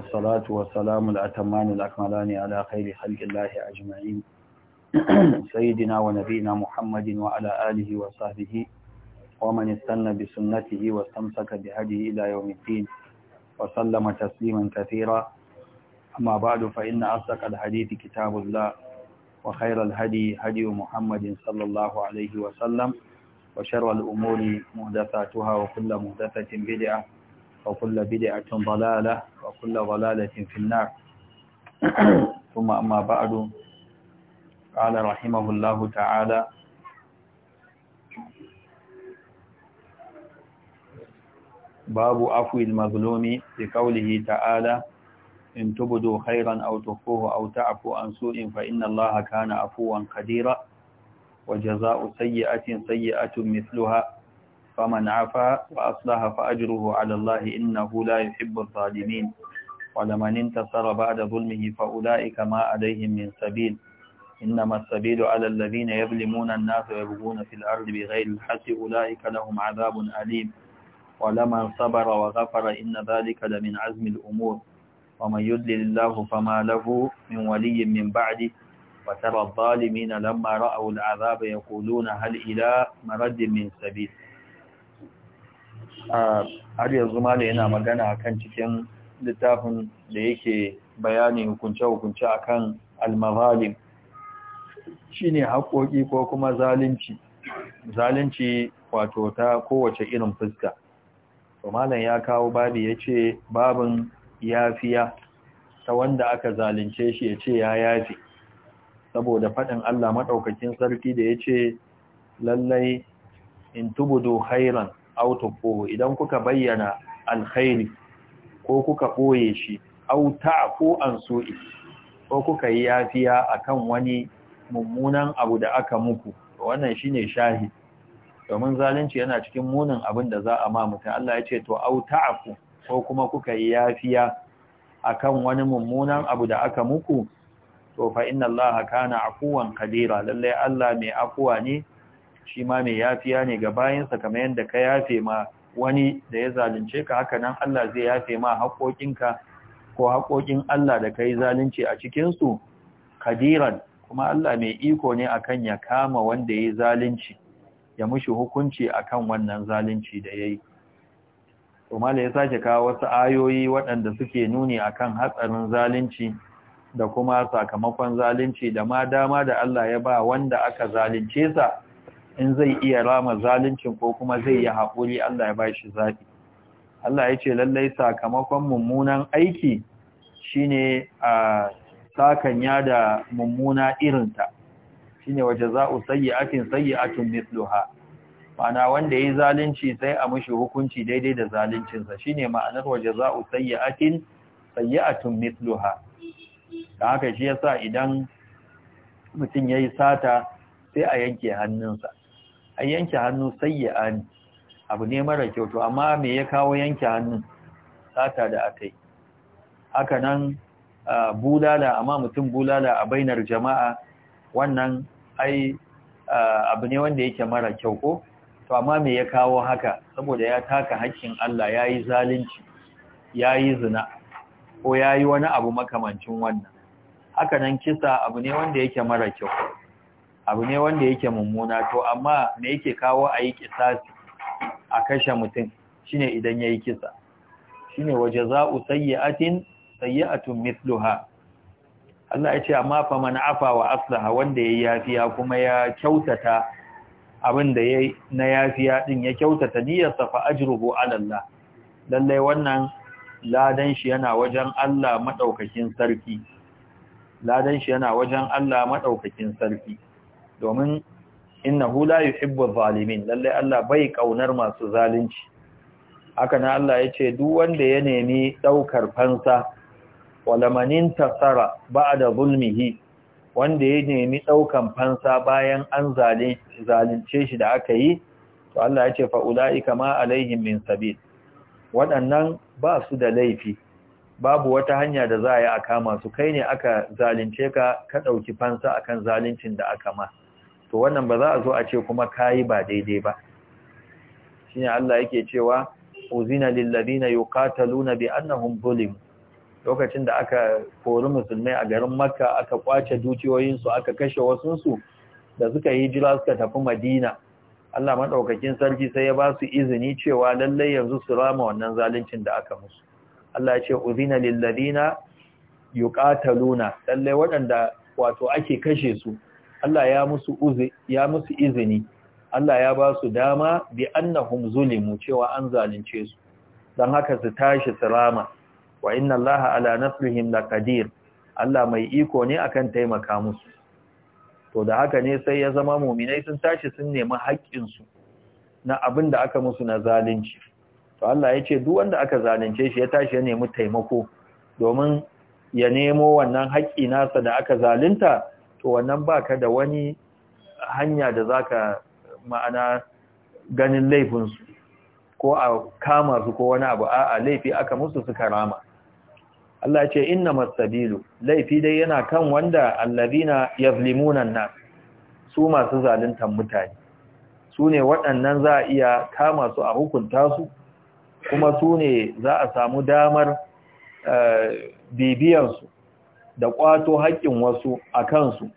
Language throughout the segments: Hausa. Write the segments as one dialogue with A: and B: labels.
A: والصلاة والسلام الأتمان الأكملان على خير خلق الله أجمعين سيدنا ونبينا محمد وعلى آله وصحبه ومن استنى بسنته واستمسك بهديه إلى يوم الدين وسلم تسليما كثيرا أما بعد فإن أصدق الحديث كتاب الله وخير الهدي هدي محمد صلى الله عليه وسلم وشر الأمور مهدثاتها وكل مهدثة بدعة وكل بدعة ضلالة وكل ضلالة في النار ثم أما بعد قال رحمه الله تعالى باب عفو المظلوم لقوله تعالى إن تبدوا خيرا أو تخفوه أو تعفو عن سوء فإن الله كان عفوا قديرا وجزاء سيئة سيئة مثلها فمن عفا وأصلح فأجره على الله إنه لا يحب الظالمين ولمن انتصر بعد ظلمه فأولئك ما عليهم من سبيل إنما السبيل على الذين يظلمون الناس ويبغون في الأرض بغير الحق أولئك لهم عذاب أليم ولمن صبر وغفر إن ذلك لمن عزم الأمور ومن يدلل الله فما له من ولي من بعده وترى الظالمين لما رأوا العذاب يقولون هل إلى مرد من سبيل har yanzu ma da yana magana a kan cikin littafin da yake bayani hukunce-hukunce a kan al Shi ne haƙoƙi ko kuma zalunci zalunci wato ta kowace irin fuska to malam ya kawo babi ya ce, babin yafiya ta wanda aka zalunce shi ya ce ya yafi saboda faɗin Allah maɗaukakin sarki da ya ce, lallai in tubudu hairan aw idan kuka bayyana alkhairi ko kuka koye shi aw ta'fu an su'i ko kuka yi yafiya akan wani mummunan abu da aka muku wannan shine shahi, domin zalunci yana cikin munin abin da za a ma mutum Allah ya ce to aw ko kuma kuka yi yafiya akan wani mummunan abu da aka muku to fa inna Allah kana afuwan kadira lallai Allah mai afuwa ne shi ma mai yafiya ne ga bayansa kamar yadda ka yafe ma wani da ya zalunce ka haka nan Allah zai yafe ma haƙoƙinka ko haƙoƙin Allah da ka yi zalunci a cikinsu kadiran kuma Allah mai iko ne akan ya kama wanda ya yi zalunci ya mushi hukunci akan wannan zalunci da ya yi tumala ya sake kawo wasu ayoyi waɗanda suke nuni akan hatsarin zalunci da kuma sakamakon zalunci da ma dama da Allah ya ba wanda aka zalunce sa in zai iya rama zaluncin ko kuma zai yi haƙuri Allah ya bashi zafi Allah ya ce lallai sakamakon mummunan aiki shine a sakanya da mummuna irinta shine waje za'u sayyi'atin sayyi'atun mithluha ma'ana wanda yayi zalunci sai a mushi hukunci daidai da zaluncinsa shine ma'anar waje za'u sayyi'atin sayyi'atun mithluha da haka shi yasa idan mutum yayi sata sai a yanke hannunsa a yanke hannu sayya'a ne abu ne mara kyau to amma me ya kawo yanke hannu sata da akai? haka nan bulala amma mutum bulala a bainar jama'a wannan ai abu ne wanda yake mara kyau ko to amma me ya kawo haka saboda ya taka hakkin, Allah yayi zalunci yayi zina ko ya wani abu makamancin wannan haka nan kisa abu ne wanda yake mara kyau abu ne wanda yake mummuna to amma me yake kawo a yi kisasi a kashe mutum shine idan ya yi kisa ne waje za za'u a sayyi'atun mithluha Allah ya ce amma fa na afa wa aslaha wanda yayi yafiya kuma ya kyautata abin da yayi na yafiya din ya kyautata niyyarsa fa ajruhu ala Allah lalle wannan ladan shi yana wajen Allah madaukakin yana wajen Allah madaukakin sarki domin hula la yuhibbu zalimin lallai Allah bai kaunar masu zalunci haka na Allah yace duk wanda ya nemi daukar fansa walamanin tasara ba'da zulmihi wanda ya nemi daukan fansa bayan an zalunce shi da aka yi to Allah ya ce fa ma alaihim min sabil waɗannan ba su da laifi babu wata hanya da za a yi a kama su kai ne aka zalunce ka ka ɗauki fansa akan zaluncin da aka ma to wannan ba za a zo a ce kuma kayi ba daidai ba shine Allah yake cewa uzina lil ladina yuqataluna bi annahum zulim lokacin da aka kori musulmai a garin Makka aka kwace dukiyoyin su aka kashe wasun su da suka yi hijira suka tafi Madina Allah madaukakin sarki sai ya ba su izini cewa lalle yanzu su rama wannan zaluncin da aka musu Allah ya ce uzina lil ladina yuqataluna lalle waɗanda wato ake kashe su Allah ya musu uzi ya musu izini Allah ya ba su dama bi annahum zulimu cewa an zalunce su dan haka su tashi sirama wa inna Allah ala nasrihim laqadir Allah mai iko ne akan taimaka musu to da haka ne sai ya zama mu'minai sun tashi sun nemi haƙƙin su na abin da aka musu na zalunci to Allah ya ce duk wanda aka zalunce shi ya tashi ya nemi taimako domin ya nemo wannan haƙƙi nasa da aka zalunta to wannan baka da wani hanya da za ka ma'ana ganin laifinsu ko a kama su ko wani abu A'a laifi aka musu suka rama Allah ce inna masabilu laifi dai yana kan wanda allazina yazlimuna nas su masu zaluntan mutane su ne waɗannan za a iya kama su a hukunta su kuma su ne za a samu damar eh, bibiyansu da ƙwato haƙƙin wasu a kansu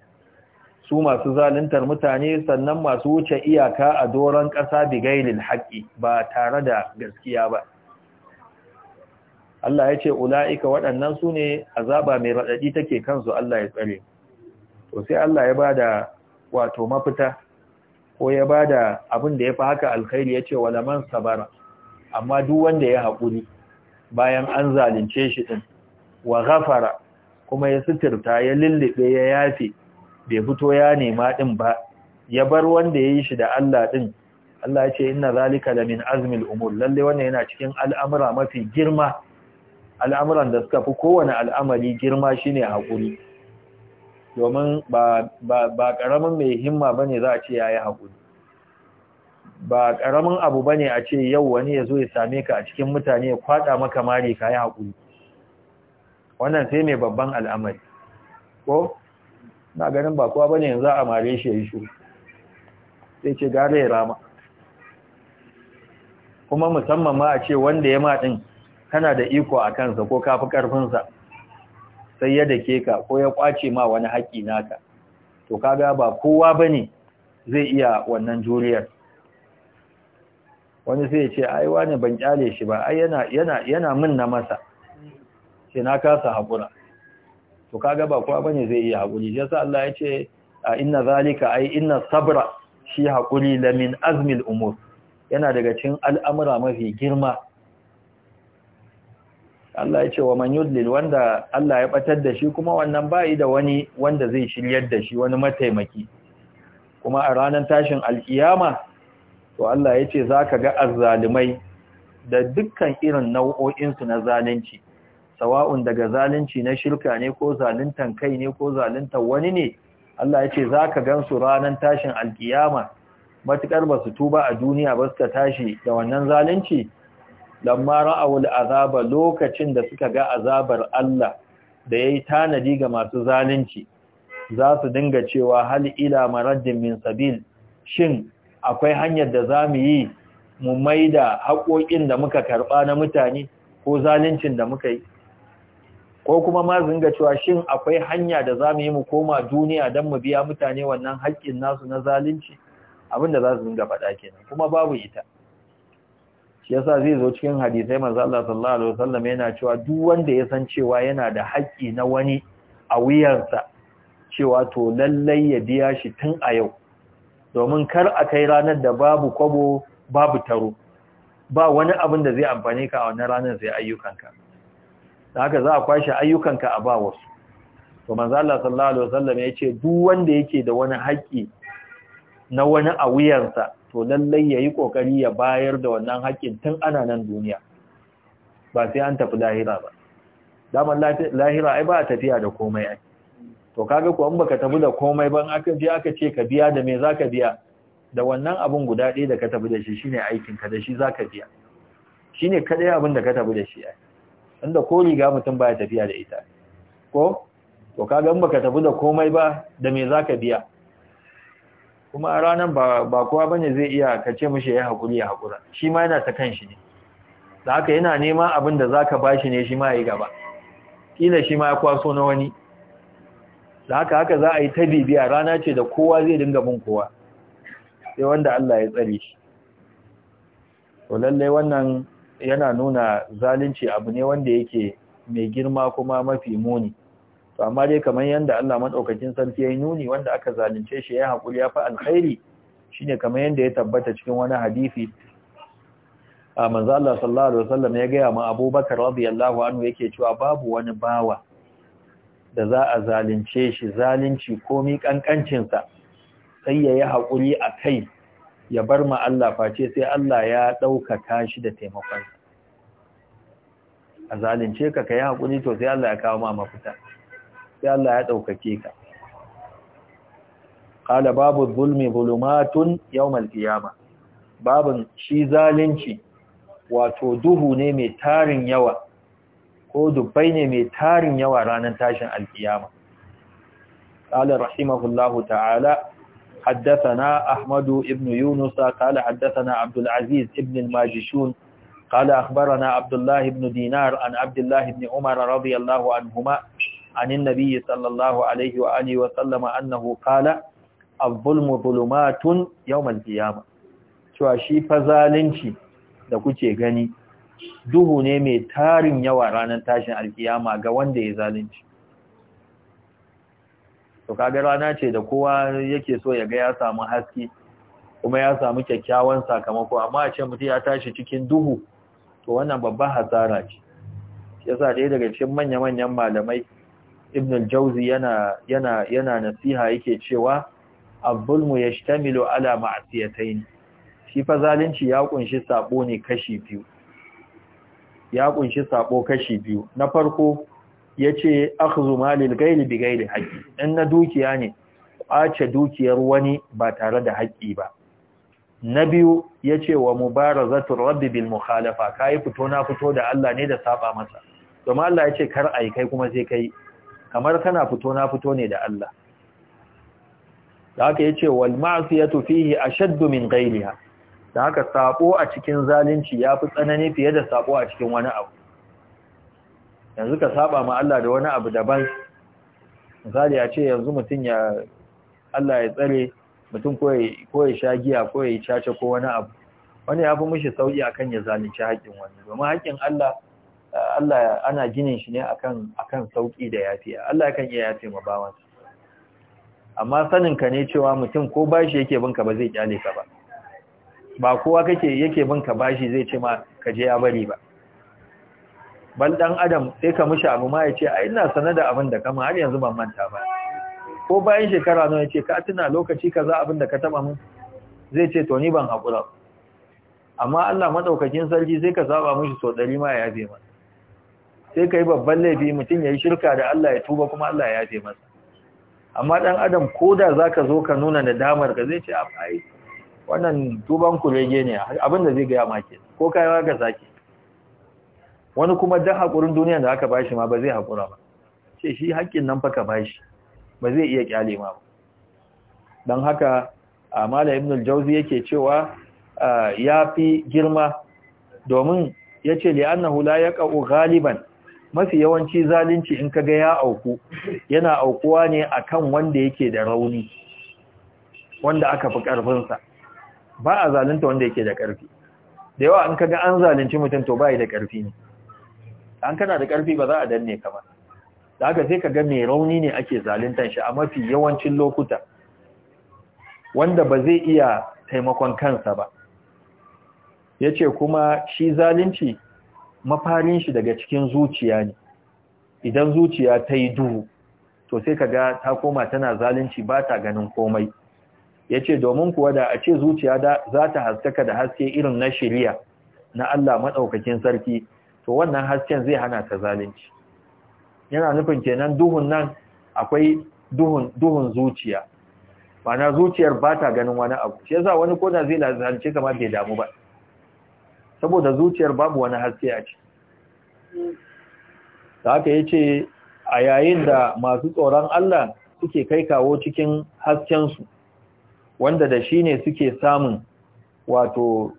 A: su masu zaluntar mutane sannan masu wuce iyaka a doron ƙasa bigailin haƙƙi ba tare da gaskiya ba Allah ya ce ula'ika waɗannan su ne azaba mai raɗaɗi take kansu Allah ya tsare to sai Allah ya bada wato mafita ko ya bada abin da ya fi haka alkhairi ya ce walaman sabara amma duk wanda ya haƙuri bayan an zalunce shi din, wa ghafara kuma ya suturta ya lullube ya yafe bai fito ya nema din ba ya bar wanda ya yi shi da Allah din Allah ya ce inna zalika lamin azmil umur lalle wannan yana cikin al'amura mafi girma al'amuran da suka fi kowane al'amari girma shine hakuri domin ba ba karamin mai himma bane za a ce yayi hakuri ba karamin abu bane a ce yau wani ya zo ya same ka a cikin mutane ya kwada maka mare ka hakuri wannan sai mai babban al'amari ko na ganin ba kowa bane yanzu a mare shi yayi shi sai ce gare ya rama kuma musamman ma a ce wanda ya ma din kana da iko a kansa ko kafi karfin sai ya dake ka ko ya kwace ma wani haƙi naka to kaga ba kowa bane zai iya wannan juriyar wani sai ya ce ai wani ban kyale shi ba ai yana yana yana min na masa ce na kasa hakura? to kaga ba kowa bane zai iya haƙuri sa Allah ya ce inna zalika ai inna sabra shi hakuri la min azmil umur yana daga cikin al'amura mafi girma Allah ya ce wa man yudlil wanda Allah ya batar da shi kuma wannan bai da wani wanda zai shiryar da shi wani mataimaki kuma a ranar tashin alkiyama to Allah ya ce zaka ga azzalimai da dukkan irin nau'o'insu na zalunci sawa'un daga zalunci na shirka ne ko zaluntan kai ne ko zaluntan wani ne Allah ya ce za ka gansu ranar tashin alkiyama matuƙar ba su tuba a duniya ba suka tashi da wannan zalunci lamma ra'awul azaba lokacin da suka ga azabar Allah da yayi tanadi ga masu zalunci za su dinga cewa hal ila maraddin min sabil shin akwai hanyar da za mu yi mu maida haƙoƙin da muka karɓa na mutane ko zaluncin da muka yi ko kuma ma zinga cewa shin akwai hanya da za mu yi mu koma duniya don mu biya mutane wannan haƙƙin nasu na zalunci abinda za su zinga faɗa kenan kuma babu ita shi yasa zai zo cikin hadisai manzo Allah sallallahu alaihi wasallam yana cewa duk wanda ya san cewa yana da haƙƙi na wani a wuyarsa cewa to lallai ya biya shi tun a yau domin kar a kai ranar da babu kwabo babu taro ba wani abin da zai amfane ka a wannan ranar ayyukan ka. da haka za a kwashe ayyukanka a ba wasu to manzo Allah sallallahu alaihi wasallam ya ce duk wanda yake da wani haƙƙi na wani a wuyansa to lallai yayi kokari ya bayar da wannan haƙƙin tun ana nan duniya ba sai an tafi lahira ba daman lahira ai ba tafiya da komai ai to kaga ko an baka tafi da komai ban aka je aka ce ka biya da me zaka biya da wannan abun guda ɗaya da ka tafi da shi shine aikin ka da shi zaka biya shine kadai abin da ka tafi da shi ai inda ko riga mutum baya tafiya da ita ko to kaga in baka tafi da komai ba da me zaka biya kuma a ranar ba kowa bane zai iya ka ce mishi ya hakuri ya hakura shi ma yana ta kanshi ne da haka yana nema abin da zaka bashi ne shi ma yi gaba kila shi ma ya kwaso na wani da haka haka za a yi ta bibiya rana ce da kowa zai dinga bin kowa sai wanda Allah ya tsare shi to lallai wannan yana nuna zalunci abu ne wanda yake mai girma kuma mafi muni to amma dai kamar yadda Allah maɗaukacin sarki ya yi nuni wanda aka zalunce shi ya hakuri ya fa alkhairi shine kamar yadda ya tabbata cikin wani hadisi a manzo Allah sallallahu alaihi wasallam ya gaya ma Abubakar radiyallahu anhu yake cewa babu wani bawa da za a zalunce shi zalunci ko kankancin sa sai yayi a kai. ya bar ma Allah face sai Allah ya ɗaukaka shi da taimakon. a zalunce ka ka yi to sai Allah ya kawo ma mafita sai Allah ya ɗaukake ka ƙala babu zulmi bulumatun yawmal qiyama babin shi zalunci wato duhu ne mai tarin yawa ko dubbai ne mai tarin yawa ranar tashin alkiyama ƙala rahimahullahu ta'ala حدثنا أحمد بن يونس قال حدثنا عبد العزيز بن الماجشون قال أخبرنا عبد الله بن دينار عن عبد الله بن عمر رضي الله عنهما عن النبي صلى الله عليه وآله وسلم أنه قال الظلم ظلمات يوم القيامة cewa shi fa zalunci da kuke gani duhu ne mai tarin yawa ranar tashin alkiyama ga wanda ya zalunci to kaga rana ce da kowa yake so ya ga ya samu haske kuma ya samu kyakkyawan sakamako amma a ce mutum ya tashi cikin duhu to wannan babban hasara ce yasa ɗaya daga cikin manya-manyan malamai ibn jauzi yana yana yana nasiha yake cewa abulmu yashtamilu ala ma'siyatayn shi fa zalunci ya kunshi sabo ne kashi biyu ya kunshi sabo kashi biyu na farko ya ce akhzu malil gairi bi gairi haƙi in na dukiya ne ƙwace dukiyar wani ba tare da haƙƙi ba na biyu ya ce wa mubarazatu rabbi bil mukhalafa yi fito na fito da Allah ne da saba masa domin Allah ya ce kar a yi kai kuma sai kai kamar kana fito na fito ne da Allah da haka yace wal ma'siyatu fihi ashaddu min ghayriha da haka sabo a cikin zalunci ya fi tsanani fiye da sabo a cikin wani abu yanzu ka saba ma Allah da wani abu daban misali a ce yanzu mutum ya Allah ya tsare mutum ko ya sha giya ko ya yi caca ko wani abu wani ya fi sauƙi akan ya zalunci haƙƙin wani domin haƙƙin Allah Allah ana ginin shi ne akan akan sauƙi da yafiya Allah kan iya yafe ma amma sanin ka ne cewa mutum ko bashi yake binka ba zai kyale ka ba ba kowa kake yake binka bashi zai ce ma ka je ya bari ba bal dan adam sai ka mishi abu ma ya ce a ina sane da abin da kama har yanzu ban manta ba ko bayan shekara nawa ya ce ka tuna lokaci kaza abin da ka taba mun zai ce to ni ban haƙura amma Allah madaukakin sarki sai ka saba mishi so dari ma yafe masa sai ka babban laifi mutum ya yi shirka da Allah ya tuba kuma Allah ya yafe masa amma dan adam ko da za zo ka nuna nadamar ka zai ce a wannan tuban kurege ne abinda zai gaya make ko kayawa ga zaki." wani kuma da hakurin duniya da aka bashi ma ba zai haƙura ba ce shi haƙƙin nan faka bashi ba zai iya ƙyale ma ba don haka amala ibn al-jauzi yake cewa ya fi girma domin ya ce Hula la yaqa'u ghaliban mafi yawanci zalunci in kaga ya auku yana aukuwa ne akan wanda yake da rauni wanda aka fi karfin sa ba a zalunta wanda yake da karfi da yawa in kaga an zalunci mutum to bai da karfi ne an kana da ƙarfi ba za a danne ka ba da haka sai ka ga mai rauni ne ake zaluntar shi a mafi yawancin lokuta wanda ba zai iya taimakon kansa ba ya ce kuma shi zalunci mafarin shi daga cikin zuciya ne idan zuciya ta yi duhu to sai ka ga ta koma tana zalunci ba ta ganin komai ya ce domin kuwa da a ce zuciya za ta haskaka da haske irin na shirya na Allah maɗaukakin sarki to wannan hasken zai hana ta zalunci yana nufin kenan duhun nan akwai duhun duhun zuciya ma'ana zuciyar ba ta ganin wani abu shi yasa wani koda zai lalace kama bai damu ba saboda zuciyar babu wani haske a ciki da haka ce a yayin da masu tsoron Allah suke kai kawo cikin hasken su wanda da shi ne suke samun wato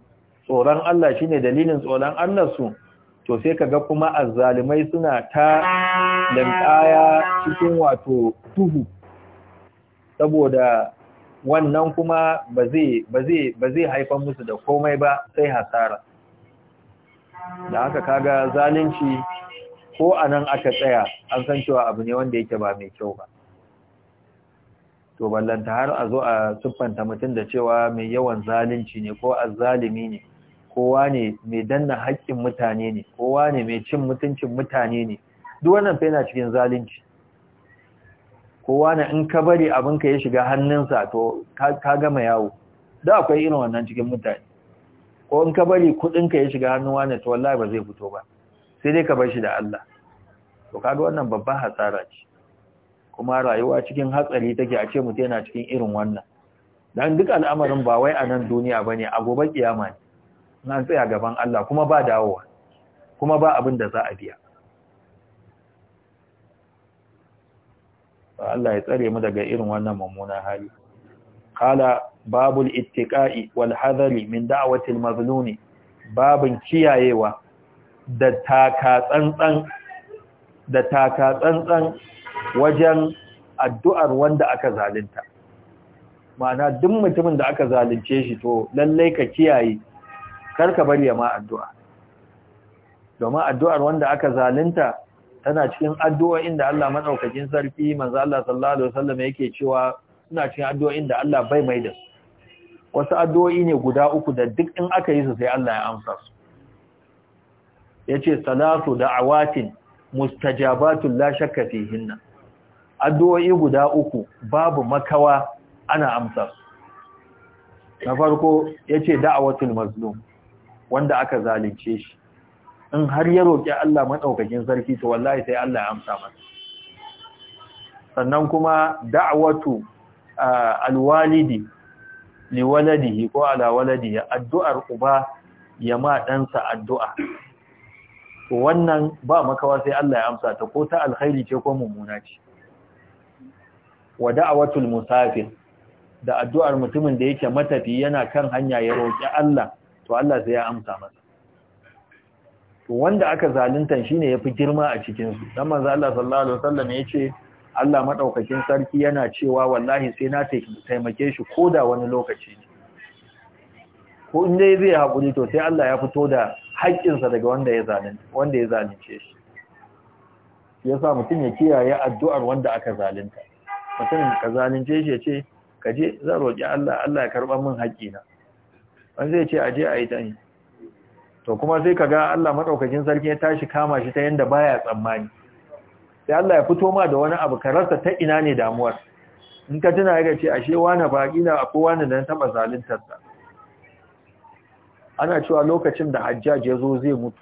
A: tsoron Allah shi ne dalilin tsoron Allah su to sai ka ga kuma azzalimai suna ta linkaya cikin wato tuhu saboda wannan kuma ba zai haifan musu da komai ba sai hasara da haka kaga zalunci ko a nan aka tsaya an san cewa abu ne wanda yake ba mai kyau ba to ballanta har a zo a siffanta mutum da cewa mai yawan zalunci ne ko azzalimi ne kowa ne mai danna haƙƙin mutane ne kowa ne mai cin mutuncin mutane ne duk wannan fa yana cikin zalunci kowa ne in ka bari abin ka ya shiga hannunsa to ka gama yawo da akwai irin wannan cikin mutane ko in ka bari kudin ka ya shiga hannun wani to wallahi ba zai fito ba sai dai ka bar shi da Allah to kaga wannan babban hasara ce kuma rayuwa cikin hatsari take a ce mutum yana cikin irin wannan dan duk al'amarin ba wai a nan duniya bane a gobe kiyama ne na tsaya gaban Allah kuma ba dawowa kuma ba abin da za a biya Allah ya tsare mu daga irin wannan mummunan hali Kala babul ittiqa'i wal hadari min da'wati al Mazluni babin kiyayewa da taka tsantsan da taka tsantsan wajen addu'ar wanda aka zalunta ma'ana duk mutumin da aka zalunce shi to lallai ka kiyaye kar ka bari ya ma addu'a domin addu'ar wanda aka zalunta tana cikin addu'o'in da Allah madaukakin sarfi, manzo Allah sallallahu alaihi wasallam yake cewa suna cikin addu'o'in da Allah bai mai da wasu addu'o'i ne guda uku da duk in aka yi su sai Allah ya amsa su yace salatu da'awatin mustajabatun la shakka fihinna addu'o'i guda uku babu makawa ana amsa su na farko yace da'awatul mazlum wanda aka zalunce shi in har ya roƙi Allah maɗaukakin sarki to wallahi sai Allah ya amsa masa sannan kuma da'watu alwalidi waladihi ko ala waladihi addu'ar uba ya ma ɗansa addu'a to wannan ba makawa sai Allah ya amsa ta ko ta alkhairi ce ko mummuna ce wa da'watul musafir da addu'ar mutumin da yake matafi yana kan hanya ya roƙi Allah to Allah sai ya amsa masa to wanda aka zalunta shine yafi girma a cikin su dan manzo Allah sallallahu alaihi wasallam yace Allah madaukakin sarki yana cewa wallahi sai na taimake shi koda wani lokaci ko in dai zai hakuri to sai Allah ya fito da haƙƙinsa daga wanda ya zalunta wanda ya zalunce shi yasa mutum ya kiyaye addu'ar wanda aka zalunta mutum ka zalunce shi ya ce ka je zan roƙi Allah Allah ya karɓa min haƙƙina an zai ce aje a yi ta to kuma sai ka ga Allah maɗaukakin sarki ya tashi kama shi ta yadda ba ya tsammani sai Allah ya fito ma da wani abu Karasta ta ina ne damuwar in ka tuna ya ce ashe wani ba ina akwai da na taɓa zaluntarsa ana cewa lokacin da hajjaj ya zo zai mutu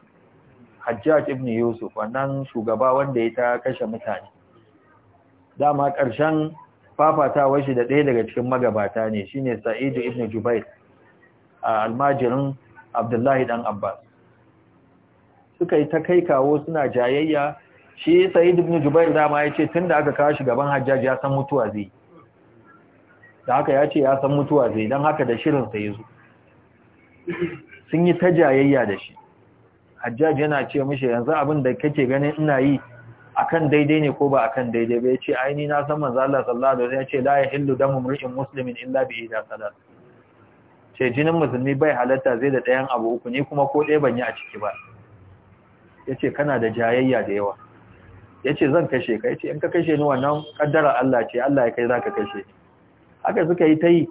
A: hajjaj ibn yusuf wannan shugaba wanda ya ta kashe mutane dama ƙarshen fafatawar shi da ɗaya daga cikin magabata ne shine sa'idu ibn jubair almajirin abdullahi dan abbas suka yi ta kai kawo suna jayayya shi sa'id ibn jubair dama ya ce tun da aka kawo shi gaban hajjaji ya san mutuwa zai da haka ya ce ya san mutuwa zai don haka da shirinsa ya zo sun yi ta jayayya da shi hajjaji yana ce mishi yanzu abin da kake ganin ina yi akan daidai ne ko ba akan daidai ba ya ce aini na san manzo Allah sallallahu alaihi wasallam ya ce la yahillu damu mri'in muslimin illa bi idza salat ce jinin musulmi bai halatta zai da ɗayan abu uku ni kuma ko ɗaya ban yi a ciki ba ya ce kana da jayayya da yawa ya ce zan kashe ka ya ce in ka kashe ni wannan ƙaddara Allah ce Allah ya kai za ka kashe haka suka yi ta yi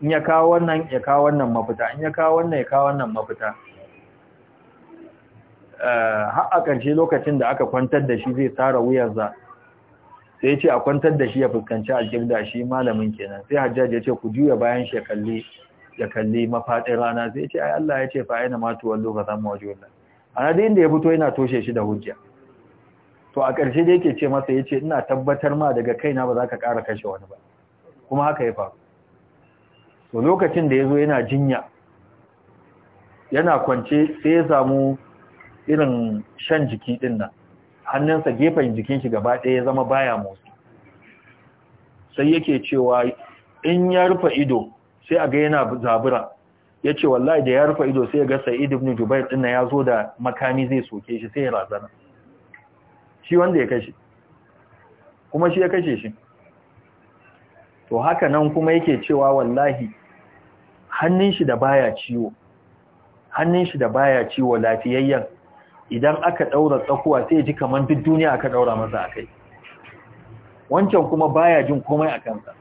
A: in ya kawo wannan ya kawo wannan mafita in ya kawo wannan ya kawo wannan mafita eh, har a ƙarshe lokacin da aka kwantar da shi zai tsara wuyarsa sai ya ce a kwantar da shi ya fuskanci alƙibla shi malamin kenan sai hajjaji ya ce ku juya bayan shi ya kalli mafaɗin rana sai ya ce ai Allah ya ce fa aina ka san lokacin wannan ana da inda ya fito yana toshe shi da hujja to a ƙarshe da yake ce masa ya ce ina tabbatar ma daga kaina ba za ka ƙara kashe wani ba kuma haka ya faru to lokacin da ya zo yana jinya yana kwance sai ya samu irin shan jiki ɗin nan hannunsa gefen jikin shi gaba ɗaya ya zama baya motsi sai yake cewa in ya rufe ido sai a ga yana zabura ya ce wallahi da ya rufe ido sai ya ga sa'id ibn jubair ɗin ya zo da makami zai soke shi sai ya razana shi wanda ya kashe kuma shi ya kashe shi to haka nan kuma yake cewa wallahi hannun shi da baya ciwo hannun shi da baya ciwo lafiyayyen idan aka daura tsakuwa sai ya ji kamar duk duniya aka daura masa akai wancan kuma baya jin komai a kansa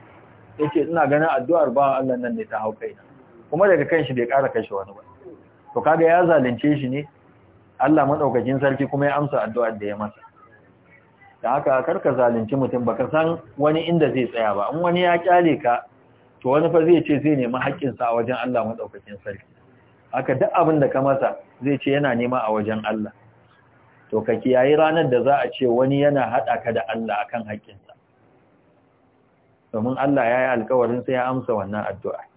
A: yace ina ganin addu'ar ba Allah nan ne ta hau kaina kuma daga kanshi bai ƙara kashe wani ba to kaga ya zalunce shi ne Allah madaukakin sarki kuma ya amsa addu'ar da ya masa da haka ka zalunci mutum baka san wani inda zai tsaya ba in wani ya kyale ka to wani fa zai ce zai nemi sa a wajen Allah madaukakin sarki haka duk abin da ka masa zai ce yana nema a wajen Allah to ka kiyayi ranar da za a ce wani yana haɗa ka da Allah akan haƙƙinsa domin Allah ya yi alkawarin sai ya amsa wannan addu'a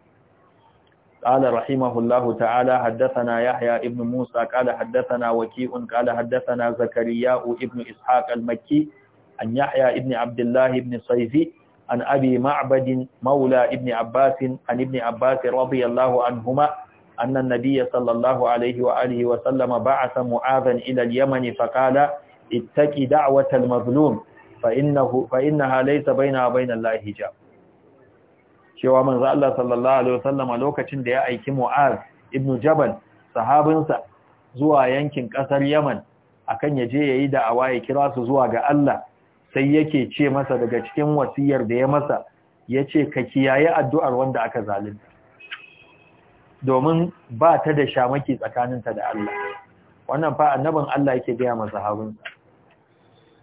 A: قال رحمه الله تعالى حدثنا يحيى ابن موسى قال حدثنا وكيء قال حدثنا زكريا ابن إسحاق المكي عن يحيى ابن عبد الله ابن صيفي عن أبي معبد مولى ابن عباس عن ابن عباس رضي الله عنهما أن النبي صلى الله عليه وآله وسلم بعث معاذا إلى اليمن فقال اتك دعوة المظلوم فإنه فإنها ليس بينها وبين الله حجاب cewa manzo Allah sallallahu alaihi wasallam lokacin da ya aiki Mu'az ibn Jabal sahabinsa zuwa yankin kasar Yaman akan ya je yayi da'awa ya kira su zuwa ga Allah sai yake ce masa daga cikin wasiyar da ya masa yace ka kiyaye addu'ar wanda aka zalunta domin ba ta da shamaki tsakaninta da Allah wannan fa annabin Allah yake gaya masa habinsa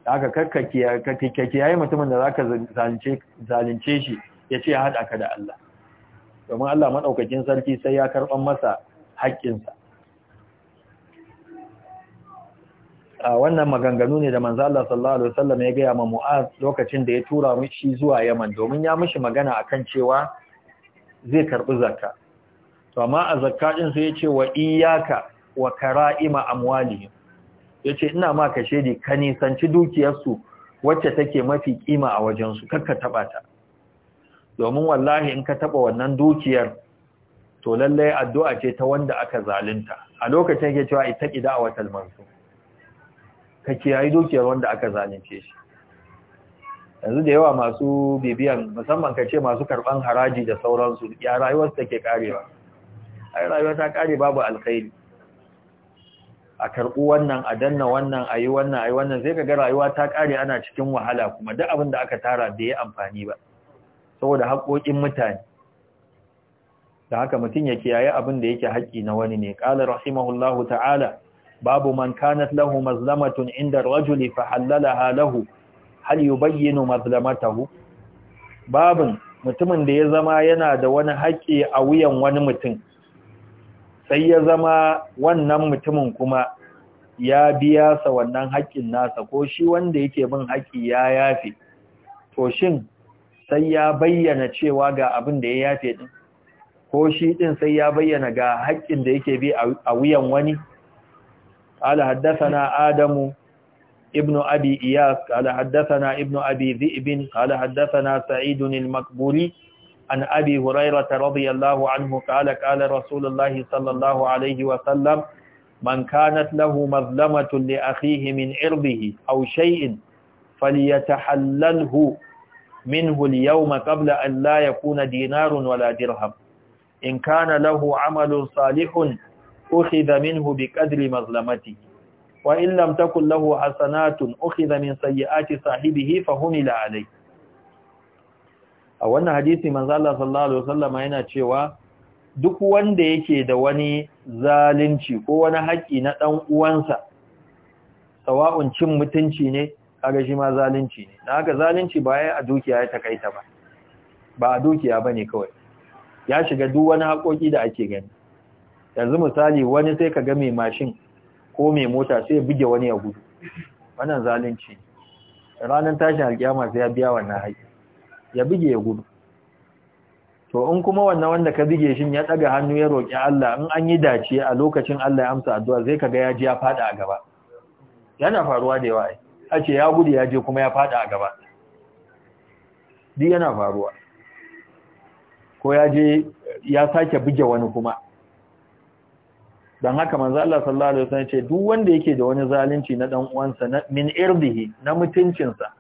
A: haka kakkake yayi mutumin da zaka zalunce shi ya ce ya haɗa ka da Allah domin Allah maɗaukakin sarki sai ya karɓar masa haƙƙinsa a wannan maganganu ne da manzo Allah sallallahu alaihi wasallam ya gaya ma Mu'az lokacin da ya tura shi zuwa Yaman domin ya mishi magana akan cewa zai karɓi zakka to amma a zakka din sai yace wa iyyaka wa kara'ima amwalihim yace ina ma ka shedi ka nisanci dukiyarsu wacce take mafi kima a wajen su ka taba ta domin wallahi in ka taba wannan dukiyar to lallai addu'a ce ta wanda aka zalunta a lokacin yake cewa itaqi da'watal mansur ka kiyayi dukiyar wanda aka zalunce shi yanzu da yawa masu bibiyan musamman ka ce masu karban haraji da sauransu ya rayuwarsu take karewa ai rayuwa ta kare babu alkhairi a karbu wannan a danna wannan a wannan a wannan zai kaga rayuwa ta kare ana cikin wahala kuma duk abin da aka tara bai yi amfani ba saboda haƙoƙin mutane da haka mutum ya kiyaye abin da yake haƙƙi na wani ne qala rahimahullahu ta'ala babu man kanat lahu mazlamatun inda rajuli fa halalaha lahu hal yubayyinu mazlamatahu babin mutumin da ya zama yana da wani haƙƙi a wuyan wani mutum sai ya zama wannan mutumin kuma ya biya sa wannan haƙƙin nasa ko shi wanda yake bin haƙƙi ya yafe to shin sai ya bayyana cewa ga abin da ya yafe din ko shi din sai ya bayyana ga haƙƙin da yake bi a wuyan wani قال حدثنا آدم ابن أبي إياس قال حدثنا ابن أبي ذئب قال حدثنا سعيد المقبولي عن أبي هريرة رضي الله عنه قال قال رسول الله صلى الله عليه وسلم من كانت له مظلمة لأخيه من عرضه أو شيء فليتحلله منه اليوم قبل أن لا يكون دينار ولا درهم إن كان له عمل صالح أخذ منه بقدر مظلمته وإن لم تكن له حسنات أخذ من سيئات صاحبه فهمل عليه a wannan hadisi manzo Allah sallallahu alaihi wasallama yana cewa duk wanda yake da wani zalunci ko wani haƙi na dan uwansa sawa'un cin mutunci ne kaga shi ma zalunci ne na haka zalunci ba ya a dukiya ya takaita ba ba a dukiya bane kawai ya shiga duk wani haƙoƙi da ake gani yanzu misali wani sai ka ga mai mashin ko mai mota sai ya buge wani ya gudu wannan zalunci ranar tashin alkiyama sai ya biya wannan haƙi ya bige ya gudu to in kuma wannan wanda ka bige shin ya daga hannu ya roki Allah in an yi dace a lokacin Allah ya amsa addu'a zai kaga ya ji ya fada a gaba yana faruwa da yawa a ce ya gudu ya je kuma ya fada a gaba duk yana faruwa ko ya je ya sake bige wani kuma don haka manzo Allah sallallahu alaihi wasallam ce duk wanda yake da wani zalunci na dan uwansa min irdihi na mutuncinsa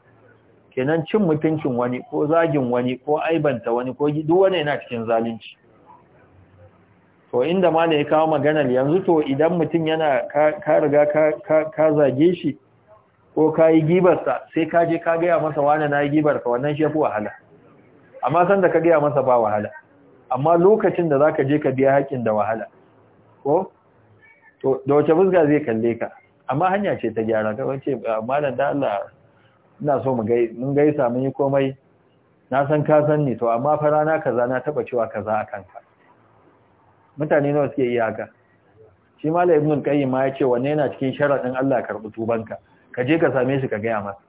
A: kenan cin mutuncin wani ko zagin wani ko aibanta wani ko duk wani yana cikin zalunci to inda ma ya kawo maganar yanzu to idan mutum yana ka riga ka zage shi ko ka yi gibarsa sai ka je ka gaya masa wane na yi gibarsa wannan shi ya fi wahala amma san da ka gaya masa ba wahala amma lokacin da za ka je ka biya haƙin da wahala ko to da wace fuska zai kalle ka amma hanya ce ta gyara ka wace malam da Allah ina so mun gaisa mun yi komai na san ka san ni to amma fa rana kaza na taba cewa kaza a kanka mutane nawa suke iya haka shi malam ibnu qayyim ma yace wanne yana cikin sharadin Allah karbi tubanka ka je ka same shi ka gaya masa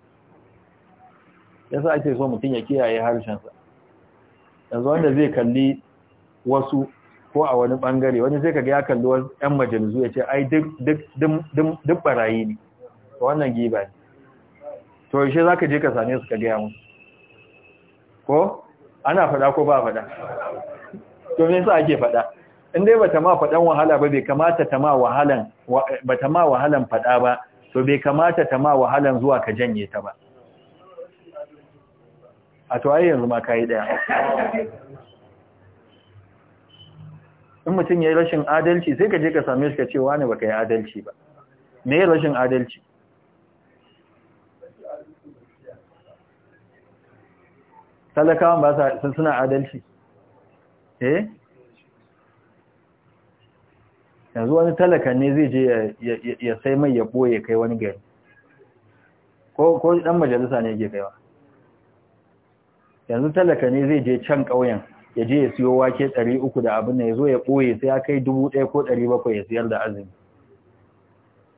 A: yasa ake so mutum ya kiyaye harshen sa yanzu wanda zai kalli wasu ko a wani bangare wani zai kaga ya kalli wasu 'yan majalisu ya ce ai duk duk duk barayi ne wannan giba ne to yaushe za ka je ka same su ka gaya musu ko ana faɗa ko ba faɗa to me yasa ake faɗa in dai bata ma faɗan wahala ba bai kamata ta ma wahalan bata ma wahalan faɗa ba to bai kamata ta ma wahalan zuwa ka janye ta ba a to ai yanzu ma kai daya in mutum yi rashin adalci sai ka je ka same shi ka ce wani baka yi adalci ba me rashin adalci talakawan ba su suna adalci eh yanzu wani talakan ne zai je ya sai mai ya boye kai wani gari ko dan majalisa ne yake kaiwa yanzu talaka ne zai je can ƙauyen ya je ya siyo wake 300 da abin da ya zo ya ɓoye sai ya kai 1000 ko 700 ya siyar da azumi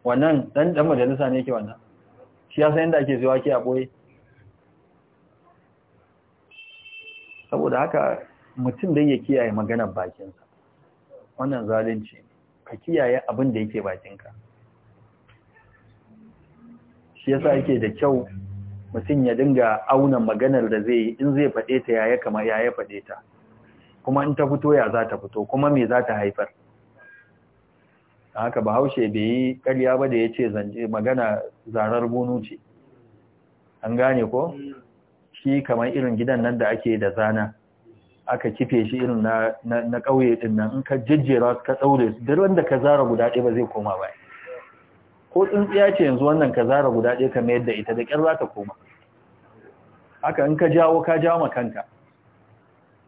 A: wannan dan dan majalisa ne yake wannan shi ya san yadda ake siyo wake a ɓoye saboda haka mutum dai ya kiyaye maganar bakinsa wannan zalunci ka kiyaye abin da yake bakinka shi yasa yake da kyau mutum ya dinga auna maganar da zai yi in zai faɗe ta yaya kama yaya faɗe ta kuma in ta fito ya za ta fito kuma me za ta haifar haka bahaushe bai yi ƙarya ba da ya ce magana zarar bunu ce an gane ko mm. shi kamar irin gidan nan da ake da zana aka kife shi irin na ƙauye din nan in ka jejjera ka tsaure su duk wanda ka zara guda ɗaya ba zai koma ba ko ya ce yanzu wannan ka zara guda ɗaya ka mayar da ita da ƙyar za ta koma haka in ka jawo ka jawo ma kanka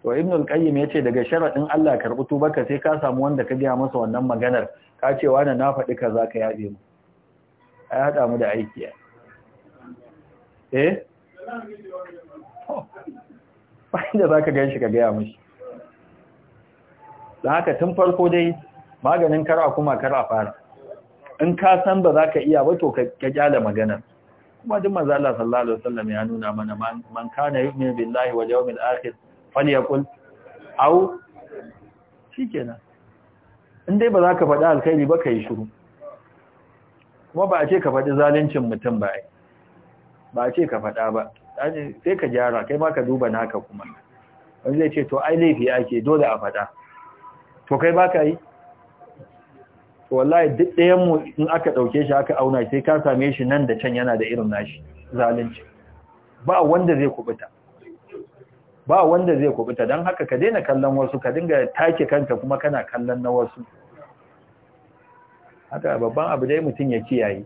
A: to ibn al-qayyim yace daga sharadin Allah karbu baka sai ka samu wanda ka gaya masa wannan maganar ka ce wani na faɗi kaza ka yabe mu ai hada mu da aiki eh bayan da za ka gan shi ka gaya mashi da haka tun farko dai maganin kara kuma kara fara in ka san ba za ka iya ba to ka kyala magana kuma duk manzo Allah sallallahu alaihi wasallam ya nuna mana man kana yu'minu billahi wal yawmil akhir falyakul aw shikenan in dai ba za ka faɗi alkhairi ba ka yi shiru kuma ba a ce ka faɗi zaluncin mutum ba ba a ce ka faɗa ba sai ka gyara kai ma ka duba naka kuma wani zai ce to ai laifi ake dole a faɗa to kai ba ka yi to wallahi duk ɗayan mu in aka ɗauke shi aka auna sai ka same shi nan da can yana da irin nashi zalunci ba wanda zai kubuta ba wanda zai kubuta don haka ka daina kallon wasu ka dinga take kanka kuma kana kallon na wasu haka babban abu dai mutum ya kiyaye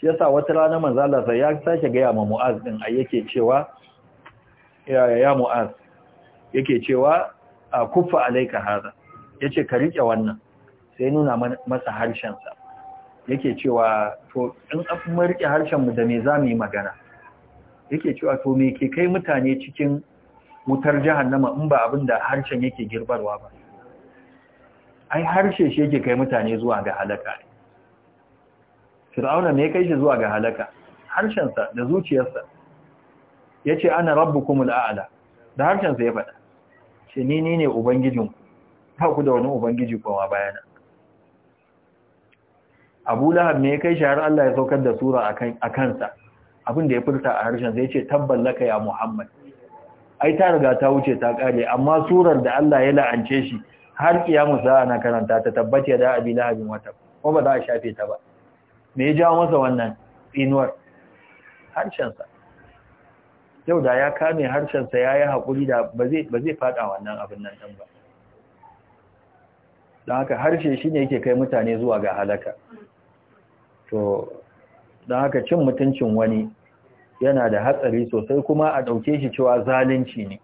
A: shi yasa wata rana manzo Allah sai ya sake ga ya Mu'az din ai yake cewa ya ya Mu'az yake cewa a kuffa alaika hada yace ka rike wannan sai nuna masa harshen sa yake cewa to in mun rike harshen mu da me za mu yi magana yake cewa to me ke kai mutane cikin wutar jahannama in ba abin da harshen yake girbarwa ba ai harshe shi yake kai mutane zuwa ga halaka fir'auna ne kai shi zuwa ga halaka harshensa da zuciyarsa yace ana rabbukumul a'la da harshensa ya faɗa ce ni ni ne ubangijinku ba ku da wani ubangiji kowa bayana abu lahab ne ya kai shi har Allah ya saukar da sura a kansa abin da ya furta a harshen sai ce tabbal ya muhammad ai ta riga ta wuce ta kare amma surar da Allah ya la'ance shi har kiyamu za na karanta ta tabbata da abi lahabin wata ko ba za a shafe ta ba me ya jawo masa wannan Harshen harshensa yau da ya kame harshensa ya yi haƙuri da ba zai faɗa wannan abin nan ba don haka harshe shi ne yake kai mutane zuwa ga halaka to don haka cin mutuncin wani yana da hatsari sosai kuma a ɗauke shi cewa zalunci ne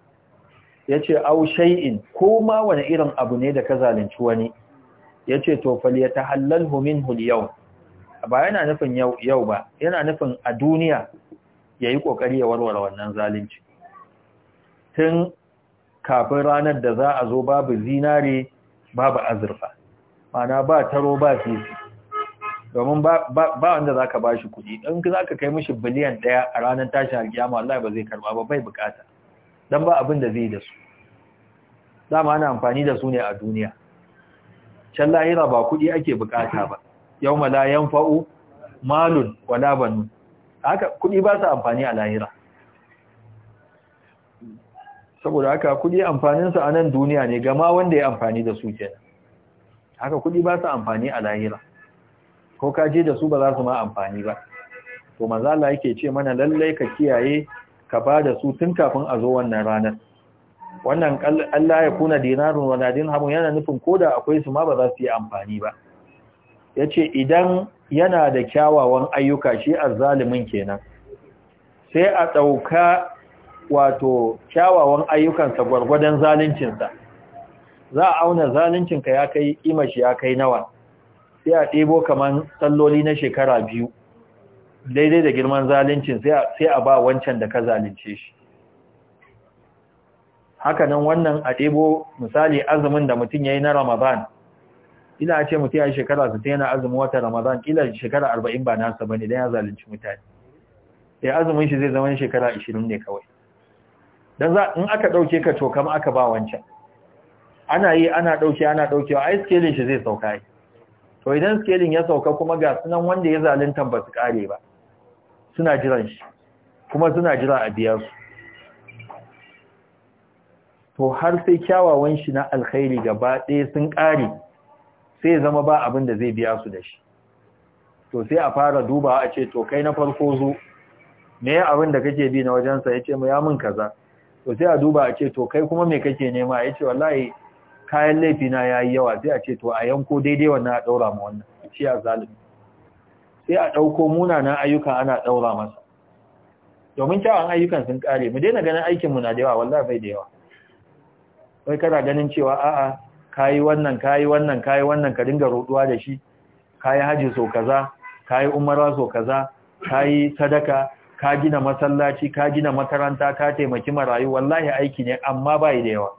A: ya ce au shay'in ko ma wani irin abu ne da ka zalunci wani ya ce to fal ya tahallalhu minhu yau ba yana nufin yau ba yana nufin a duniya ya yi ƙoƙari ya warware wannan zalunci tun kafin ranar da za a zo babu zinare babu azurfa mana ba taro ba sisi domin ba wanda za ka ba shi kudi in za ka kai mashi biliyan ɗaya a ranar tashin alkiyama Allah ba zai karba ba bai bukata don ba abin da zai da su dama ana amfani da su ne a duniya can lahira ba kudi ake bukata ba Yau ma la fa’u malun wala banun haka kudi ba su amfani a lahira saboda haka kudi amfanin sa a nan duniya ne gama wanda ya amfani da su kenan haka kudi ba su amfani a lahira ko ka je da su ba za su ma amfani ba to manzo Allah yake ce mana lallai ka kiyaye ka ba da su tun kafin a zo wannan ranar wannan Allah ya kuna dinarun wadadin dirhamun yana nufin koda akwai su ma ba za su yi amfani ba ya ce idan yana da kyawawan ayyuka shi a zalimin kenan sai a ɗauka wato kyawawan ayyukansa gwargwadon zalincinsa. za a auna zalincinka ya kai imashi ya kai nawa sai a ɗebo kamar salloli na shekara biyu daidai da girman zalincin sai a ba wancan da ka zalunce shi hakanan wannan a ɗebo misali azumin da mutum ya yi na ramadan Ina a ce mutum ya shekara ta yana azumin wata ramadan kila shekara arba'in ba nasa ba ne, don ya zalunci mutane sai eh, azumin shi zai zama shekara ashirin ne kawai don za in aka ɗauke ka to kama aka ba wancan ana yi ana ɗauke ana wa ai scaling shi zai sauka yi to idan scaling ya sauka kuma ga sunan wanda ya zalunta ba su kare ba suna jiran shi kuma suna jira a biya su to har sai kyawawan shi na alkhairi gaba ɗaya sun ƙare sai zama ba abin da zai biya su da shi to sai a fara duba a ce to kai na farko zo me ya abin da kake bi na wajensa ya ce mu ya mun kaza to sai a duba a ce to kai kuma me kake nema ya ce wallahi kayan laifi na yayi yawa sai a ce to a yanko daidai wannan a daura ma wannan shi a zalimi sai a dauko munanan ayyuka ana daura masa domin kyawun ayyukan sun kare mu daina ganin aikin mu na da yawa wallahi bai da yawa wai kana ganin cewa a'a kayi wannan kayi wannan kayi wannan ka dinga roduwa da shi kayi haji so kaza kayi umara so kaza kayi sadaka ka gina masallaci ka gina makaranta ka taimaki marayu wallahi aiki ne amma bai da yawa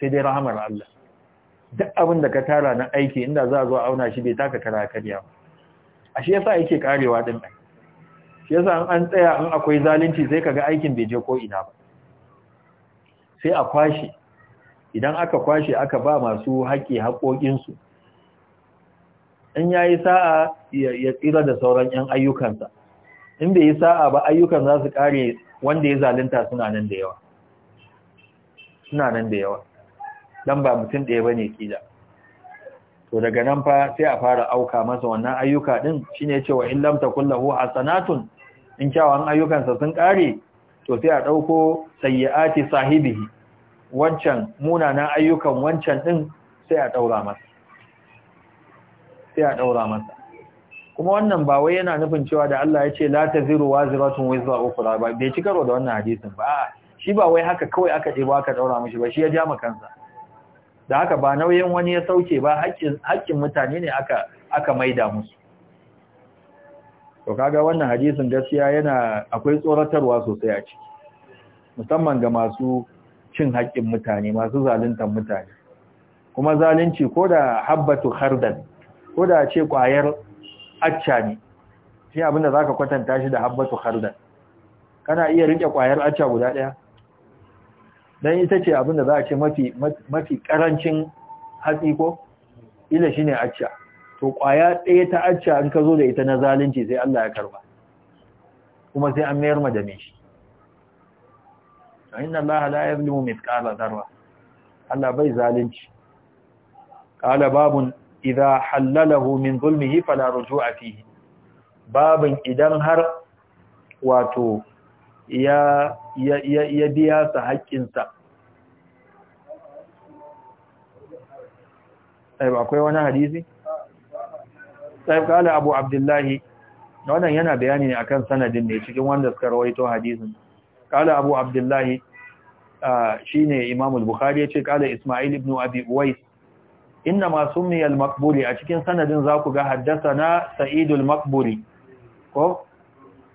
A: sai dai rahamar Allah duk abin da ka tara na aiki inda za a zo auna shi bai taka kara karya ba shi yasa yake karewa din nan shi yasa an tsaya in akwai zalunci sai kaga aikin bai je ko ina ba sai a kwashi idan aka kwashe aka ba masu haƙƙi haƙoƙinsu in ya yi sa'a ya tsira da sauran 'yan ayyukansa in bai yi sa'a ba ayyukan za su ƙare wanda ya zalunta suna nan da yawa suna nan da yawa don ba mutum ɗaya ba ne ƙila to daga nan fa sai a fara auka masa wannan ayyuka ɗin shi ne cewa in lamta kullahu a sanatun in kyawun ayyukansa sun ƙare to sai a ɗauko sayyati sahibihi wancan munanan ayyukan wancan din sai a daura masa sai a daura masa kuma wannan ba wai yana nufin cewa da Allah ya ce la taziru waziratun wizra ukhra ba bai ci karo da wannan hadisin ba shi ba wai haka kawai aka ɗeba aka daura mishi ba shi ya ja kansa da haka ba nauyin wani ya sauke ba haƙƙin mutane ne aka aka maida musu to kaga wannan hadisin gaskiya yana akwai tsoratarwa sosai a ciki musamman ga masu cin haƙƙin mutane masu zaluntar mutane kuma zalunci ko da habbatu khardal ko da ce ƙwayar acca ne shi abinda za ka kwatanta shi da habbatu khardal kana iya riƙe ƙwayar acca guda ɗaya don ita ce abinda za a ce mafi ƙarancin hatsi ko ila shi ne acca to ƙwaya ɗaya ta acca in ka zo da ita na zalunci sai Allah ya karba kuma sai an mayar ma da shi inna allaha la yazlimu mithqala dharra Allah bai zalunci qala babun idza halalahu min zulmihi fala rujua fihi babin idan har wato ya ya biya sa haƙƙinsa طيب akwai wani hadisi طيب قال abu abdullahi wannan yana bayani ne akan sanadin ne cikin wanda suka rawaito hadisin kala abu abdullahi ne imam al-bukhari ce kala isma'il ibn abi uwais inna ma summiya al-maqburi a cikin sanadin zaku ga haddathana sa'id al-maqburi ko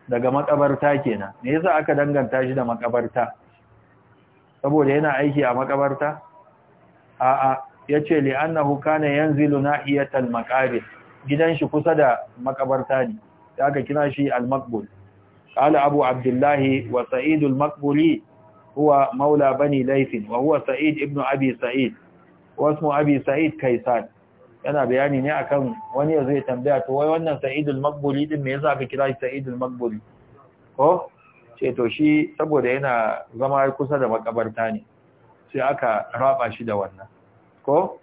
A: daga makabarta kenan me yasa aka danganta shi da makabarta saboda yana aiki a makabarta a'a yace li annahu kana yanzilu nahiyatal maqabir gidan shi kusa da makabarta ne aka kira shi al-maqburi قال أبو عبد الله وسعيد المقبولي هو مولى بني ليث وهو سعيد ابن أبي سعيد واسمه أبي سعيد كيسان yana bayani ne akan wani ya zai tambaya to wai wannan sa'idul maqbuli din me yasa aka kira shi sa'idul ko ce to shi saboda yana zama kusa da makabarta ne sai aka raba shi da wannan ko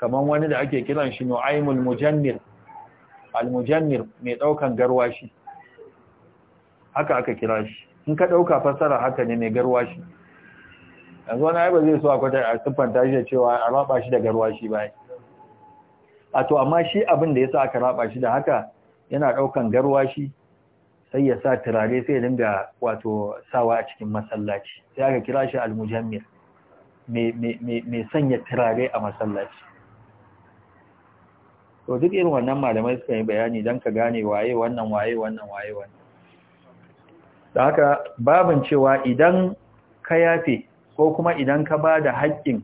A: kaman wani da ake kiran shi nu'aymul mujammir al mujannir mai daukan garwashi haka aka kira shi in ka ɗauka fassara haka ne mai garwashi yanzu wani ba zai so a kwata a siffanta shi da cewa a raba shi da garwashi ba a to amma shi abin da ya sa aka raba shi da haka yana ɗaukan garwashi sai ya sa turare sai dinga wato sawa a cikin masallaci sai aka kira shi almujammir mai sanya turare a masallaci to duk irin wannan malamai suka yi bayani don ka gane waye wannan waye wannan waye wannan da haka babin cewa idan ka yafe ko kuma idan ka ba da haƙƙin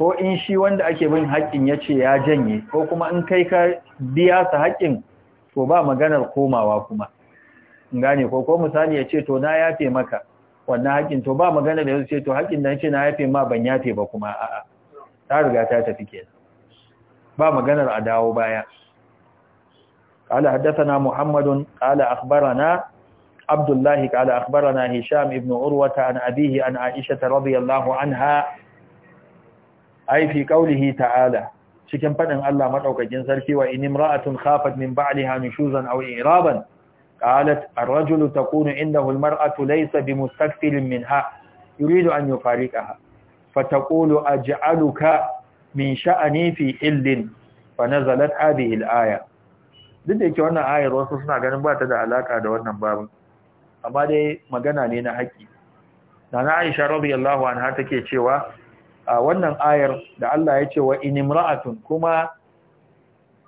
A: ko in shi wanda ake bin haƙƙin ya ce ya janye ko kuma in kai ka biya sa haƙƙin to ba maganar komawa kuma gane ko ko misali ya ce to na yafe maka wannan haƙƙin to ba maganar da ya ce to haƙƙin da ya ce na yafe ma ban yafe ba kuma a'a ta riga ta tafi kenan ba maganar a dawo baya قال حدثنا محمد قال أخبرنا عبد الله قال أخبرنا هشام ابن عروة عن أبيه عن عائشة رضي الله عنها أي في قوله تعالى شكم فنن الله مرعوك جنسر كي وإن امرأة خافت من بعلها نشوزا أو إعرابا قالت الرجل تكون عنده المرأة ليس بمستكفر منها يريد أن يفارقها فتقول أجعلك من شأني في حل فنزلت هذه الآية لديك وانا آية رسول صنع قنبات هذا علاقة هذا وانا amma dai magana ne na haƙi nana Aisha radiyallahu anha take cewa a wannan ayar da Allah ya ce wa in imra'atun kuma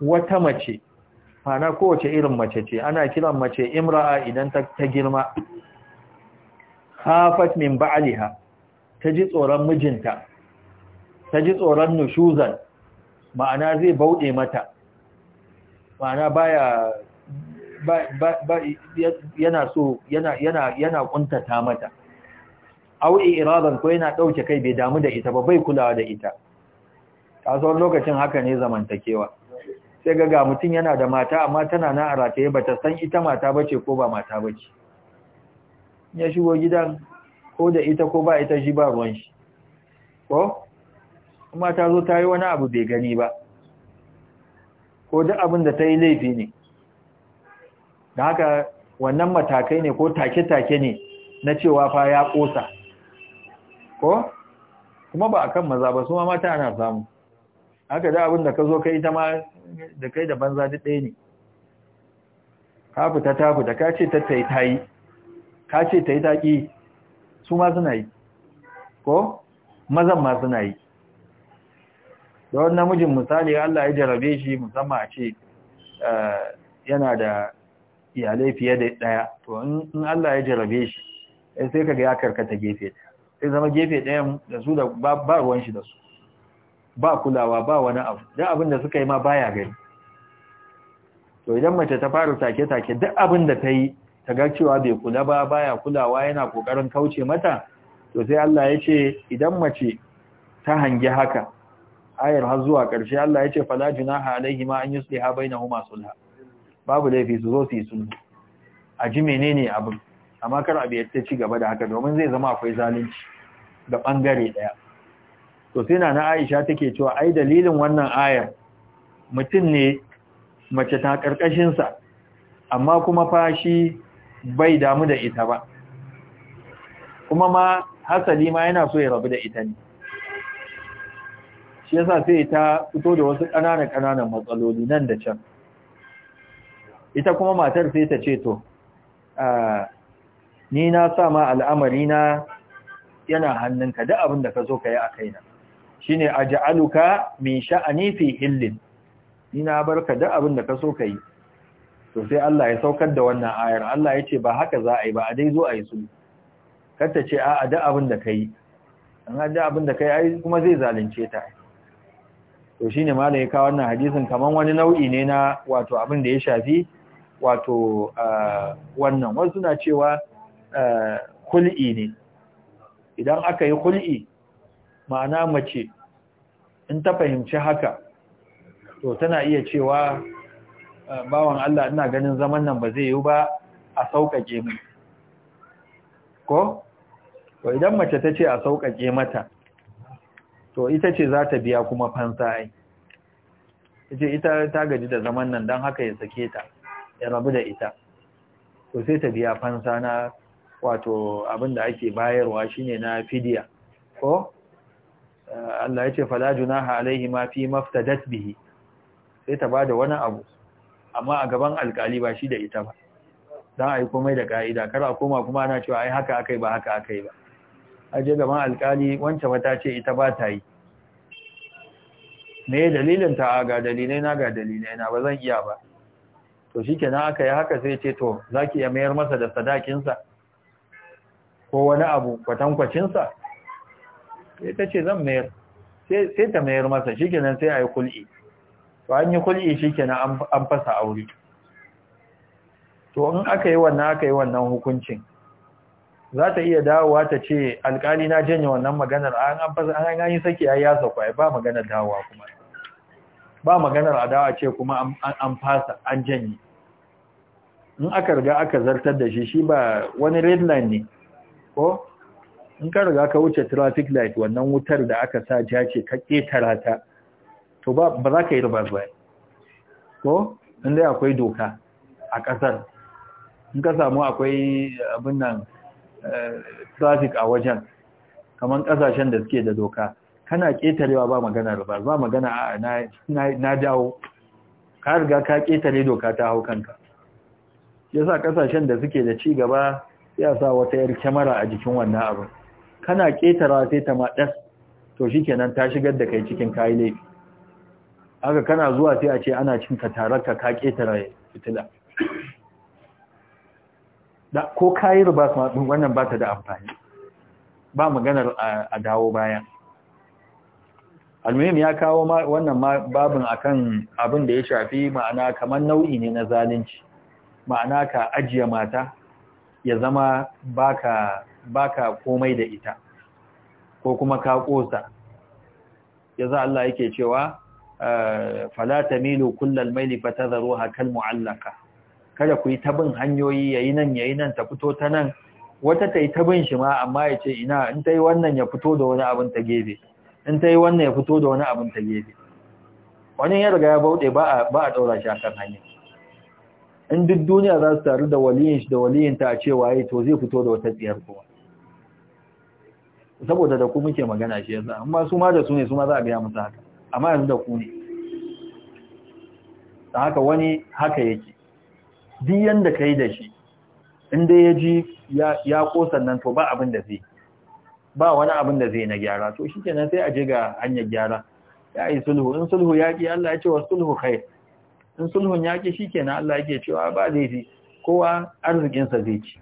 A: wata mace ana kowace irin mace ce ana kiran mace imra'a idan ta, ta girma khafat min ba'liha ta ji tsoron mijinta ta ji tsoron nushuzan ma'ana zai bauɗe mata ma'ana baya yana so yana kuntata mata au iradan ko yana dauke kai bai damu da ita ba bai kulawa da ita kasuwar lokacin haka ne zamantakewa sai ga mutum yana da mata amma tana na a rataye ba ta san ita mata bace ko ba mata bace ya shigo gidan ko da ita ko ba ita shi ba ruwan shi ko kuma ta zo ta yi wani abu bai gani ba ko duk abin da ta yi laifi ne da haka wannan matakai ne ko take-take ne na cewa fa ya ƙosa ko kuma ba a kan maza ba su ma mata ana samu haka da abin da ka zo kai ta ma da kai da banza duk ɗaya ne kafu ta fita ka ce ta yi ta yi kace ta yi ta ƙi su ma suna yi ko mazan ma suna yi da wani namijin misali Allah ya jarabe shi musamman a ce eh, yana da iyalai fiye da ɗaya to in Allah ya jarabe shi eh, sai ka ga ya karkata gefe ɗaya sai zama gefe ɗayan da su da ba ruwan shi da su ba kulawa ba wani abu duk abin da suka yi ma baya gani to idan mace ta fara take-take duk abin da ta yi ta ga cewa bai kula ba baya kulawa yana kokarin kauce mata to sai Allah ya ce idan mace ta hangi haka ayar har zuwa ƙarshe Allah ya ce fala junaha alaihima an yusliha bainahuma sulha babu laifi su zo su yi sulhu a ji menene abin amma kar abu ya ci gaba da haka domin zai zama akwai zalunci ga bangare daya to sai na na Aisha take cewa ai dalilin wannan ayar mutum ne mace ta karkashin sa amma kuma fa shi bai damu da ita ba kuma ma hasali ma yana so ya rabu da ita ne shi yasa sai ta fito da wasu ƙananan ƙananan matsaloli nan da can ita kuma matar sai ta ce to ni na sa ma al'amari na yana hannunka duk abin da ka zo ka yi a kaina shi ne a ja'aluka min sha'ani fi hillin ni na bar ka duk abin da ka so ka yi to sai Allah ya saukar da wannan ayar Allah ya ce ba haka za a yi ba a dai zo a yi su ta ce a a duk abin da ka yi an haɗu abin da ka yi kuma zai zalunce ta to shi ne ya ka wannan hadisin kamar wani nau'i ne na wato abin da ya shafi wato wannan wasu na cewa kul'i ne idan aka yi kul'i ma'ana mace in ta fahimci haka to tana iya cewa bawan Allah ina ganin zaman nan ba zai yi ba a sauƙaƙe mu ko to idan mace ta ce a sauƙaƙe mata to ita ce za ta biya kuma fansa ai ita ta gaji da zaman nan don haka ya sake ta ya rabu da ita to sai ta biya fansa na wato abin da ake bayarwa shine na fidiya ko Allah ya ce fala junaha alaihi ma fi maftadat bihi sai ta bada wani abu amma a gaban alkali ba shi da ita ba dan ai komai da kaida kar a koma kuma ana cewa ai haka akai ba haka akai ba aje gaban alkali wancan wata ce ita ba ta yi me dalilin ta ga dalilai na ga dalilai na ba zan iya ba to shi kenan aka yi haka sai ce to za ki iya mayar masa da sadakinsa ko wani abu kwatankwacinsa sai ta ce zan mayar sai ta mayar masa shi kenan sai a yi kul'i to an yi kul'i shi kenan an fasa aure to in aka yi wannan aka yi wannan hukuncin za ta iya dawowa ta ce alkali na janye wannan maganar an an an yi saki ya yi yasa kwaye ba maganar dawowa kuma ba maganar adawa ce kuma an fasa an janye in aka riga aka zartar da shi shi ba wani red line ne ko in ka riga ka wuce traffic light wannan wutar da aka sa ja ce ka ƙetara ta to ba za ka yi ba ba ko inda akwai doka a ƙasar in ka samu akwai abin nan eh, traffic a wajen kamar ƙasashen da suke da doka kana ƙetarewa ba magana ba ba magana a na dawo ka riga ka ƙetare doka ta hau kanka yasa ƙasashen da suke da ci gaba ya sa wata yar kyamara a jikin wannan abin kana ƙetarewa sai ta maɗas to shi kenan ta shigar da kai cikin kayi laifi haka kana zuwa sai a ce ana cin ka tararka ka ƙetara fitila da ko kayi riba wannan ba ta da amfani ba maganar a dawo bayan. almuhim ya kawo wannan babin akan abin da ya shafi ma'ana kamar nau'i ne na zalunci ma'ana ka ajiye mata ya zama baka baka komai da ita ko kuma ka kosa za Allah yake cewa eh, fala tamilu kullal maili fatadharuha kal mu'allaka kada ku yi tabin hanyoyi yayi nan yayi nan ta fito ta nan wata ta yi tabin shi ma amma ya ce ina in ta yi wannan ya fito da wani abin ta gebe in ta yi wannan ya fito da wani abin ta gefe wani ya riga ya bauɗe ba a ɗaura shi a kan hanya in duk duniya za su taru da waliyin shi da waliyin ta a cewa yi to zai fito da wata tsiyar kuma saboda da ku muke magana shi yasa amma su ma da su ne su ma za a gaya musu haka amma yanzu da ku ne da haka wani haka yake duk yanda ka yi da shi in dai ya ji ya ko nan to ba abin da zai ba wani abin da zai na gyara to shi kenan sai a je ga hanyar gyara ya yi sulhu in sulhu yaki Allah ya ce wa sulhu khair in sulhun yaki kenan Allah yake cewa ba zai fi kowa arzikin zai ci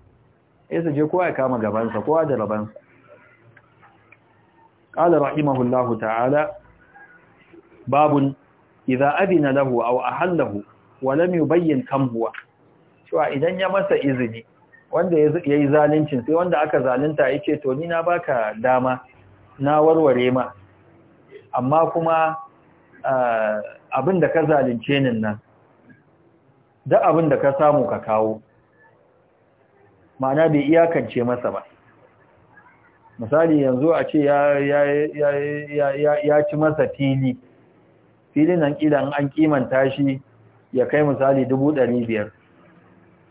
A: sai su je kowa ya kama gabansa, sa kowa da raban sa qala rahimahullahu ta'ala babun idza adina lahu aw ahallahu wa lam yubayyin kam huwa cewa idan ya masa izini wanda ya yi zalincin sai wanda aka zalunta ya ce to ni na baka dama na warware ma amma kuma abin da ka zalunce nin nan da abin da ka samu ka kawo ma'ana bai iyakance masa ba misali yanzu a ce ya ci masa fili filin nan ƙidan an kimanta shi ya kai misali dubu ɗari biyar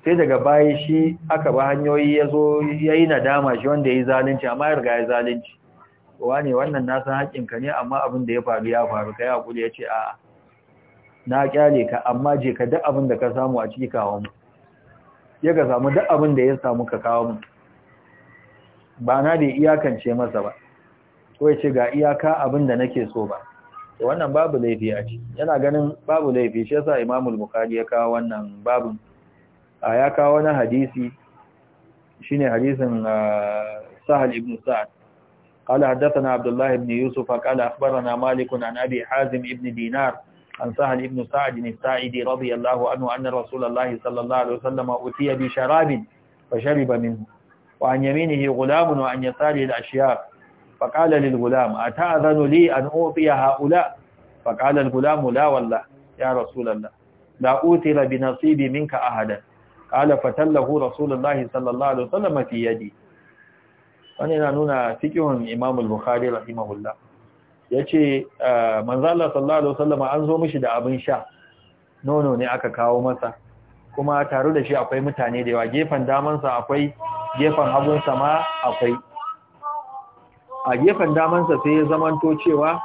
A: sai daga baya shi aka ba hanyoyi ya zo ya yi nadama shi wanda ya yi zalunci amma ya riga ya zalunci ne, wannan nasan haƙinka ne amma abin da ya faru ya faru ka yi ya ce a na ƙyale ka amma je ka duk abin da ka samu a ciki kawo mu ya ka samu duk abin da ya samu ka kawo mu ba na da iyakance masa ba ko ya ce ga iyaka abin da nake so ba wannan babu laifi a ci yana ganin babu laifi shi yasa imamul bukhari ya kawo wannan babin a ya kawo wani hadisi shi ne hadisin ah, sahal ibn sa'ad ƙala haddasa abdullahi ibn yusuf a ƙala akbara na malikun anabi hazim ibn dinar an sahal ibn sa'ad ne sa'idi radiyallahu anu annar rasulallah sallallahu alaihi wasallama utiya bi sharabin wa shariba min wa an yamini hi gulamun wa an ya tsari da ashiya faƙala lil gulam a ta zanu li an ofiya ha'ula faƙala lil gulamu la walla ya rasulallah la utira bi nasibi minka ahadan qala fatallahu rasulullahi sallallahu alaihi wasallam fi yadi wani yana nuna cikin imam al-bukhari rahimahullah yace manzo Allah sallallahu alaihi wasallam an zo mishi da abin sha nono ne aka kawo masa kuma tare da shi akwai mutane da yawa gefen damansa akwai gefen hagunsa ma akwai a gefen damansa sai ya zamanto cewa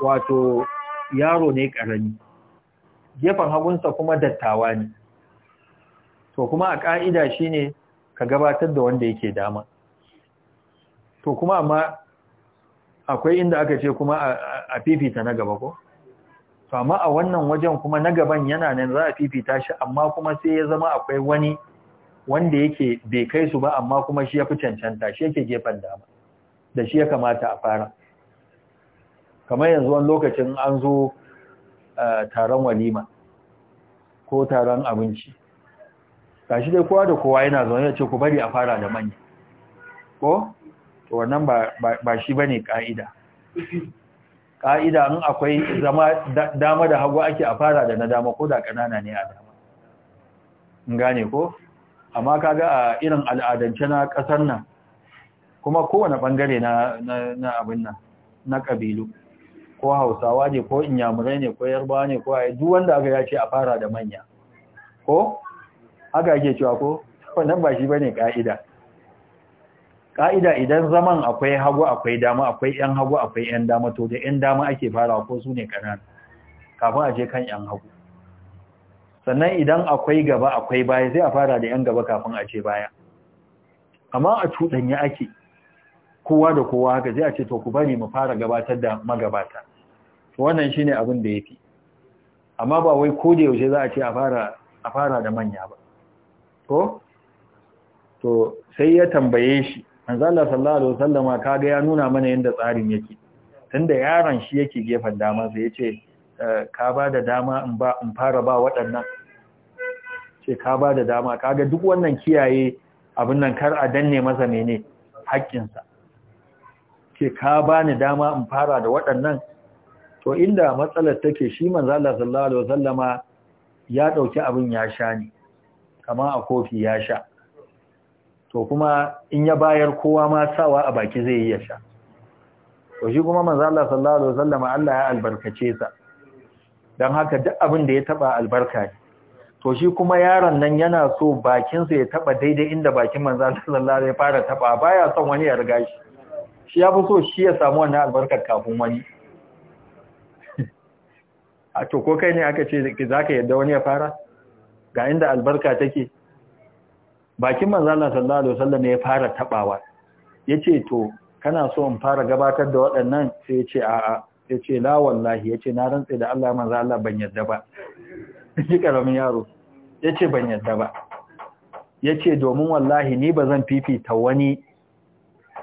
A: wato yaro ne karami gefen hagunsa kuma dattawa ne to kuma a ƙa'ida shi ne ka gabatar da wanda yake dama to kuma amma akwai inda aka ce kuma a fifita na gaba ko to amma a wannan wajen kuma na gaban yana nan za a fifita shi amma kuma sai ya zama akwai wani wanda yake bai kai su ba amma kuma shi ya fi cancanta shi yake gefen dama da shi ya kamata a fara kamar yanzu wani lokacin an zo eh, taron walima ko taron abinci shi dai kowa da kowa yana zaune ya ce ku bari a fara da manya ko to wannan ba shi bane ka'ida ka'ida in akwai zama dama da hagu ake a fara da na dama ko da kanana ne a dama in gane ko amma kaga a irin al'adance na kasar nan kuma kowane bangare na na abin nan na kabilu ko hausawa ne ko inyamurai ne ko yarbawa ne ko ayi duk wanda aka yace a fara da manya ko haka ake cewa ko wannan ba shi bane ka'ida ka'ida idan zaman akwai hagu akwai dama akwai yan hagu akwai yan dama to da yan dama ake farawa ko su ne kanana kafin a je kan yan hagu sannan idan akwai gaba akwai baya sai a fara da yan gaba kafin a ce baya amma a cuɗanya ake kowa da kowa haka sai a ce to ku bari mu fara gabatar da magabata wannan shine abin da yafi amma ba wai ko da yaushe za a ce a fara da manya ba ko to sai ya tambaye shi manzala sallallahu alaihi wasallama kaga ya nuna mana yanda tsarin yake tunda yaron shi yake gefen dama sai yace eh, ka ba da dama in ba in fara ba waɗannan ce ka ba da dama kaga duk wannan kiyaye abin nan kar a danne masa mene haƙƙinsa ce ka ba ni dama in fara da waɗannan to inda matsalar take shi manzala sallallahu alaihi wasallama ya dauki abin ya sha kama a kofi ya sha to kuma in ya bayar kowa ma sawa a baki zai yi ya sha to shi kuma manzo Allah sallallahu alaihi Allah ya albarkace sa dan haka duk abin da ya taba albarka ne to shi kuma yaron nan yana so bakinsa ya taba daidai inda bakin manzo Allah sallallahu alaihi fara taba baya son wani ya riga shi shi ya fi so shi ya samu wannan albarkar kafin wani a to ko kai ne aka ce za ka yadda wani ya fara ga inda albarka take bakin manzala sallallahu alaihi wasallam ya fara tabawa yace to kana so in fara gabatar da waɗannan sai yace a'a yace la wallahi yace na rantsa da Allah manzo Allah ban yadda ba shi karamin yaro yace ban yadda ba yace domin wallahi ni bazan fifita wani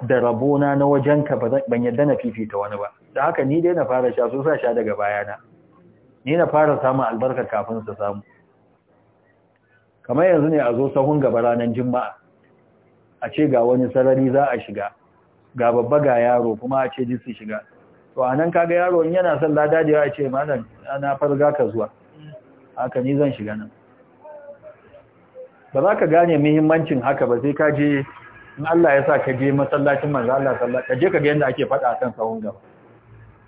A: da rabona na wajenka ban yadda na fifita wani ba da haka ni dai na fara sha so sa sha daga bayana ni na fara samun albarka kafin su samu kamar yanzu ne a zo sahun gaba ranar juma'a a ce ga wani sarari za a shiga ga babba ga yaro kuma a ce ji su shiga to a nan kaga yaro in yana son lada da ya ce malam ana farga ka zuwa haka ni zan shiga nan ba za ka gane muhimmancin haka ba sai ka je in Allah ya sa ka je masallacin manzo Allah sallallahu ka je ka ga yanda ake fada akan sahun gaba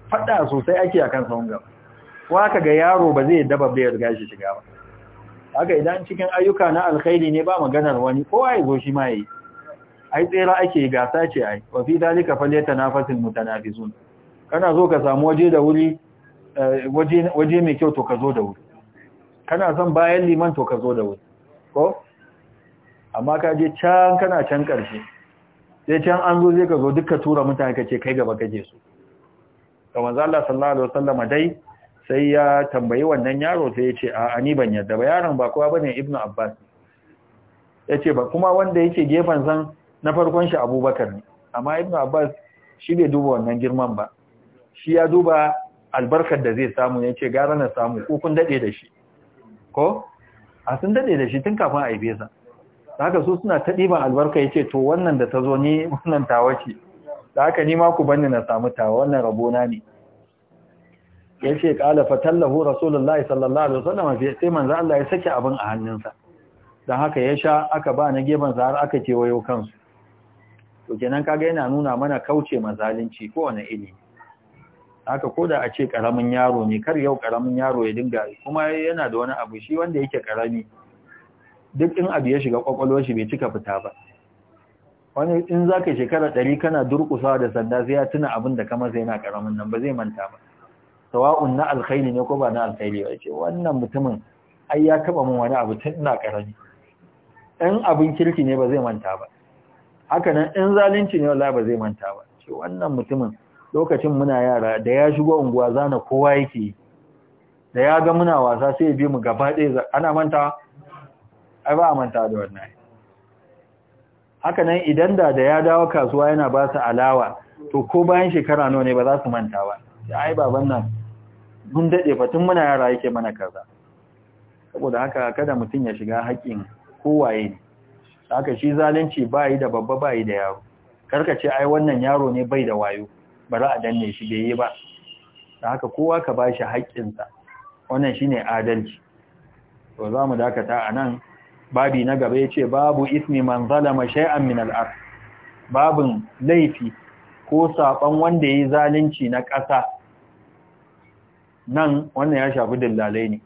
A: fada sosai ake akan sahun gaba ko haka ga yaro ba zai daba bai riga shi shiga ba haka idan cikin ayyuka na alkhairi ne ba maganar wani kowa ya goshi ma yi ai tsera ake gasa ce ai wa fi dalika falyata nafasin mutanafizun kana zo ka samu waje da wuri eh, waje mai kyau to ka zo da wuri kana son bayan liman to ka zo da wuri ko amma ka je can kana can karshe sai can an zo zai ka zo duka tura mutane ka kai gaba kaje su kamar Allah sallallahu alaihi wasallam dai sai ya tambayi wannan yaro sai ya ce a ni ban yadda ba yaron ba kowa bane Ibn abbas ya ce ba kuma wanda yake gefen san na farkon shi abubakar ne amma Ibn abbas shi bai duba wannan girman ba shi ya duba albarkar da zai samu ya ce gara na samu ko daɗe da shi ko a sun daɗe da shi tun kafin a haife sa haka su suna ta ɗiban albarka ya ce to wannan da ta zo ni wannan tawa ce da haka ni ma ku bani na samu tawa wannan rabona ne ya ce kala fatallahu rasulullahi sallallahu alaihi wasallam fi sai manzo Allah ya saki abin a hannunsa dan haka ya sha aka ba na geban zahar aka aka kewayo kansu to kenan kaga yana nuna mana kauce mazalunci ko wani ilimi haka koda a ce karamin yaro ne kar yau karamin yaro ya dinga kuma yana da wani abu shi wanda yake karami duk in abu ya shiga kwakwalwar shi bai cika fita ba wani in zaka shekara 100 kana durkusa da sanda sai ya tuna abin da kamar sai yana karamin nan ba zai manta ba sawa'un na alkhairi ne ko ba na alkhairi ba ce wannan mutumin ai ya taba min wani abu tun ina karami in abin kirki ne ba zai manta ba haka nan in zalunci ne wallahi ba zai manta ba ce wannan mutumin lokacin muna yara da ya shigo unguwa zana kowa yake da ya ga muna wasa sai ya bi mu gaba ɗaya ana manta ai ba a manta da wannan haka nan idan da da ya dawo kasuwa yana ba su alawa to ko bayan shekara nawa ne ba za su manta ba ai baban nan mun daɗe tun muna yara yake mana kaza saboda haka kada mutum ya shiga haƙƙin kowaye ne haka shi zalunci ba yi da babba ba yi da yaro ce ai wannan yaro ne bai da wayo za a danne shi bai yi ba da haka kowa ka ba shi haƙƙinsa wannan shi ne adalci to za mu dakata a nan babi na gaba ya ce babu ismi man zalama shay'an min al'ar babin laifi ko saɓon wanda ya yi zalunci na ƙasa nan wannan ya shafi dillalai ne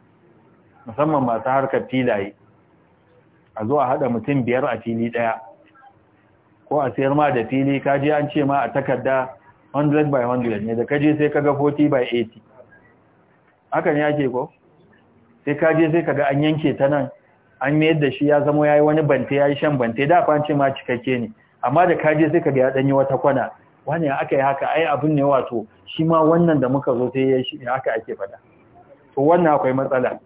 A: musamman masu harkar filaye a zo a haɗa mutum biyar a fili ɗaya ko a sayar ma da fili kaji an ce ma a takarda 100 by 100 ne da kaji sai kaga 40 by 80 hakan ya ke ko sai kaji sai kaga an yanke ta nan an mayar da shi ya zama ya yi wani bante ya yi shan bante da an ce ma cikakke ne amma da kaji sai kaga ya ɗanyi wata kwana wani aka yi haka ai abin ne wato shi ma wannan da muka zo sai ya shi haka ake fada to wannan akwai matsala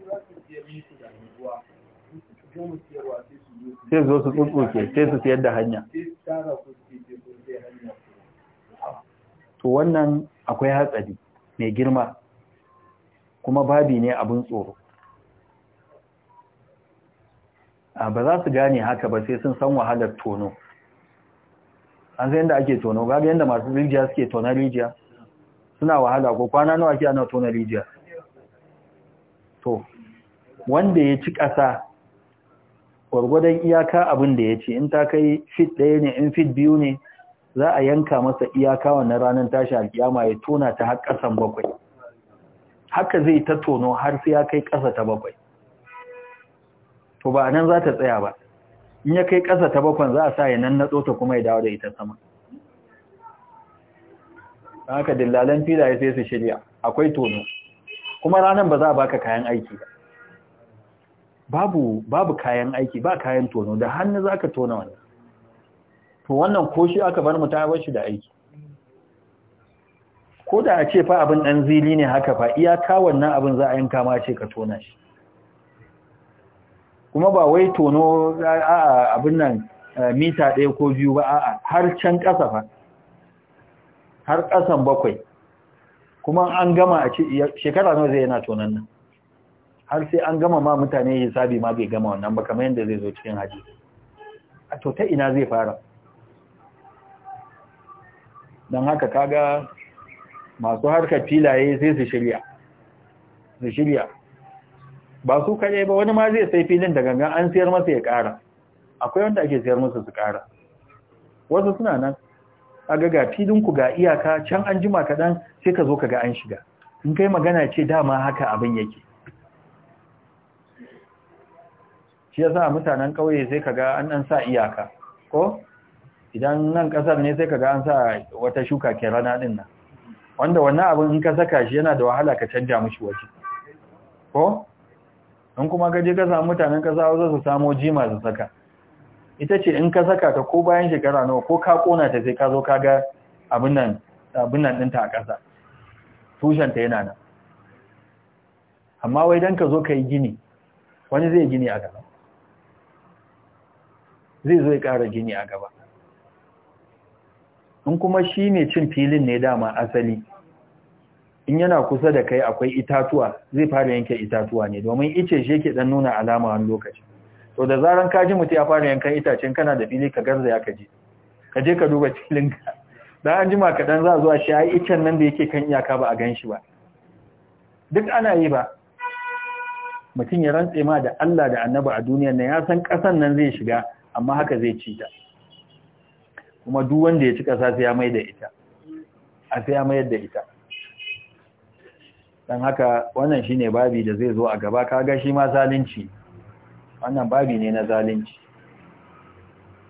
A: sai zo su tsutsuke sai su siyar da hanya to wannan akwai hatsari mai girma kuma babi ne abin tsoro ba za su gane haka ba sai sun san wahalar tono an san yadda ake tono gaga yadda masu rijiya suke tona rijiya suna wahala ko kwana nawa ke ana tona rijiya to wanda ya ci ƙasa gwargwadon iyaka abin da ya ci in ta kai fit ɗaya ne in fit biyu ne za a yanka masa iyaka wannan ranar tashi alkiyama ya tona ta har ƙasan bakwai haka zai ta tono har sai ya kai ƙasa ta bakwai to ba nan za ta tsaya ba in ya kai ƙasa ta bakon, za a sa ya nannaɗo ta kuma ya dawo da ita sama haka dillalan filaye sai su shirya akwai tono kuma ranar ba za a baka kayan aiki ba babu babu kayan aiki ba kayan tono da hannu za ka tona wannan to wannan ko shi aka bar mu ta bar shi da aiki ko da a ce fa abin ɗan zili ne haka fa iya iyaka wannan abin za a yanka ma ce ka tona shi kuma ba wai tono a'a abin nan eh, mita ɗaya ko biyu ba a'a har can ƙasa fa har ƙasan bakwai kuma an gama a shekara nawa zai yana tonon nan har sai an gama ma mutane hisabi ma bai gama wannan ba kamar yadda zai zo cikin haji a to ta ina zai fara don haka kaga masu harkar filaye sai su shirya su shirya ba su kaɗai ba wani ma zai sai filin da gangan an siyar masa ya ƙara akwai wanda ake siyar masa su ƙara wasu suna nan a ga filinku ga iyaka can an jima kaɗan sai ka zo ka ga an shiga in kai magana ce dama haka abin yake shi ya sa mutanen ƙauye sai ka ga an ɗan sa iyaka ko idan nan ƙasar ne sai ka ga an sa wata shuka ke rana ɗin nan wanda wannan abin in ka saka shi yana da wahala ka canja mushi waje ko in kuma gaje ka samu mutanen ƙasa hausa su samo jima su saka ita ce in ka saka ta ko bayan shekara nawa ko ka kona ta sai ka zo ka ga abin nan ɗinta a ƙasa tushenta yana nan amma wai don ka zo ka yi gini wani zai gini a gaba zai zo ya ƙara gini a gaba in kuma shi ne cin filin ne dama asali in yana kusa da kai akwai itatuwa zai fara yanke itatuwa ne domin ice shi yake dan nuna alama wani lokaci to da zaran ka ji mutum ya fara yankan itacen kana da fili ka garza ya kaje ka je ka duba ka da an jima kaɗan za zuwa shi ai icen nan da yake kan iyaka ba a gan shi ba duk ana yi ba mutum ya rantse ma da Allah da Annabi a duniyar nan ya san ƙasan nan zai shiga amma haka zai ci ta kuma duk wanda ya ci ƙasa sai ya mai da ita a sai ya mayar da ita don haka wannan shine babi da zai zo a gaba kaga shi ma zalunci wannan babi ne na zalunci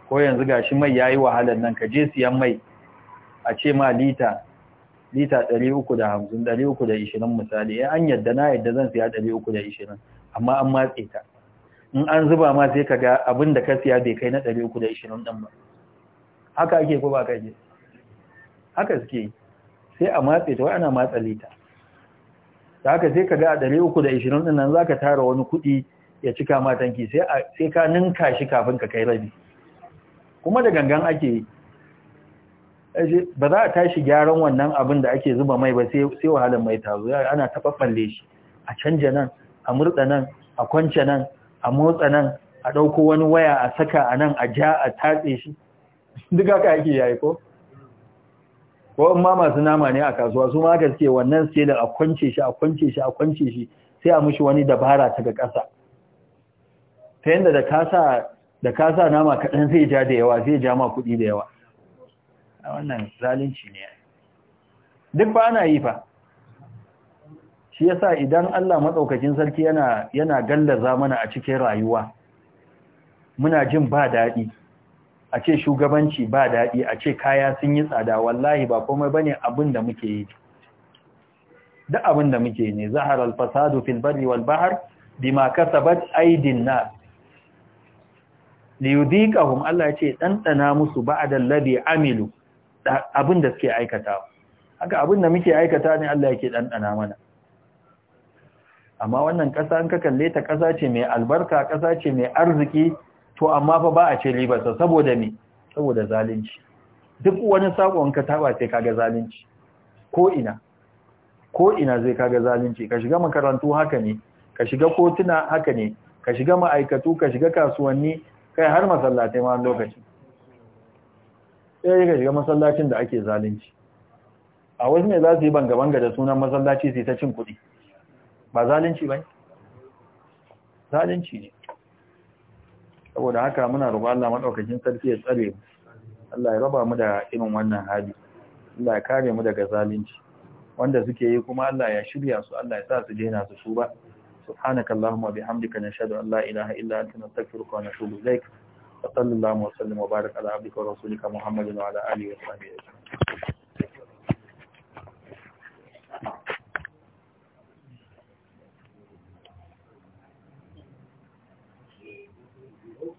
A: ko yanzu gashi mai yayi wahalar nan ka je siyan mai a ce ma lita lita 350 320 misali eh an yadda na yadda zan siya 320 amma an matse ta in an zuba ma sai kaga abin da ka siya bai kai na 320 din ba haka ake ko ba kai haka suke sai a matse ta wai ana matsa lita da haka sai ka ga a ɗari uku da ishirin ɗin nan za ka tara wani kuɗi ya cika ma tanki sai ka ninka shi kafin ka kai rabi kuma da gangan ake yi ba za a tashi gyaran wannan abin da ake zuba mai ba sai wahalar mai tazo ana taɓa taɓaɓɓalle shi a canja nan a murɗa nan a kwance nan a motsa nan a ɗauko wani waya a saka a nan a ja a tatse shi duk haka ake yayi ko ko in ma masu nama ne a kasuwa su ma gaske, wannan sai da a kwance shi a kwance shi a kwance shi sai a mushi wani dabara ta ga ƙasa ta yadda da kasa da nama kaɗan zai ja da yawa zai ja ma kuɗi da yawa wannan zalunci ne duk ba ana yi fa shi yasa idan Allah maɗaukakin sarki yana yana gallaza mana a cikin rayuwa muna jin ba daɗi a ce shugabanci ba daɗi a ce kaya sun yi tsada wallahi ba komai bane abin da muke yi Da abin da muke ne zahar al-fasadu fil barri wal bahr bima kasabat aydin nas liyudhiqahum Allah yace dandana musu ba'da alladhi amilu abin da suke aikata haka abin da muke aikata ne Allah yake dandana mana amma wannan ƙasa an ka kalle ta ƙasa ce mai albarka kasa ce mai arziki to amma fa ba a ce ribarsa saboda me saboda zalunci duk wani sakon ka taba sai kaga zalunci ko ina ko ina zai kaga zalunci ka shiga makarantu haka ne ka shiga kotuna haka ne ka shiga ma'aikatu ka shiga kasuwanni kai har masallatai ma lokaci sai ka shiga masallacin da ake zalunci a wasu ne za su yi banga-banga da sunan masallaci su yi ta cin kuɗi ba zalunci ba ne zalunci ne saboda haka muna roƙon Allah madaukakin sarki ya tsare mu Allah ya raba mu da irin wannan hali Allah ya kare mu daga zalunci wanda suke yi kuma Allah ya shirya su Allah ya sa su daina su tuba subhanakallahumma bihamdika nashhadu an la ilaha illa anta nastaghfiruka wa natubu ilaik وصلى الله ala abdika wa عبدك ورسولك محمد وعلى آله وصحبه أجمعين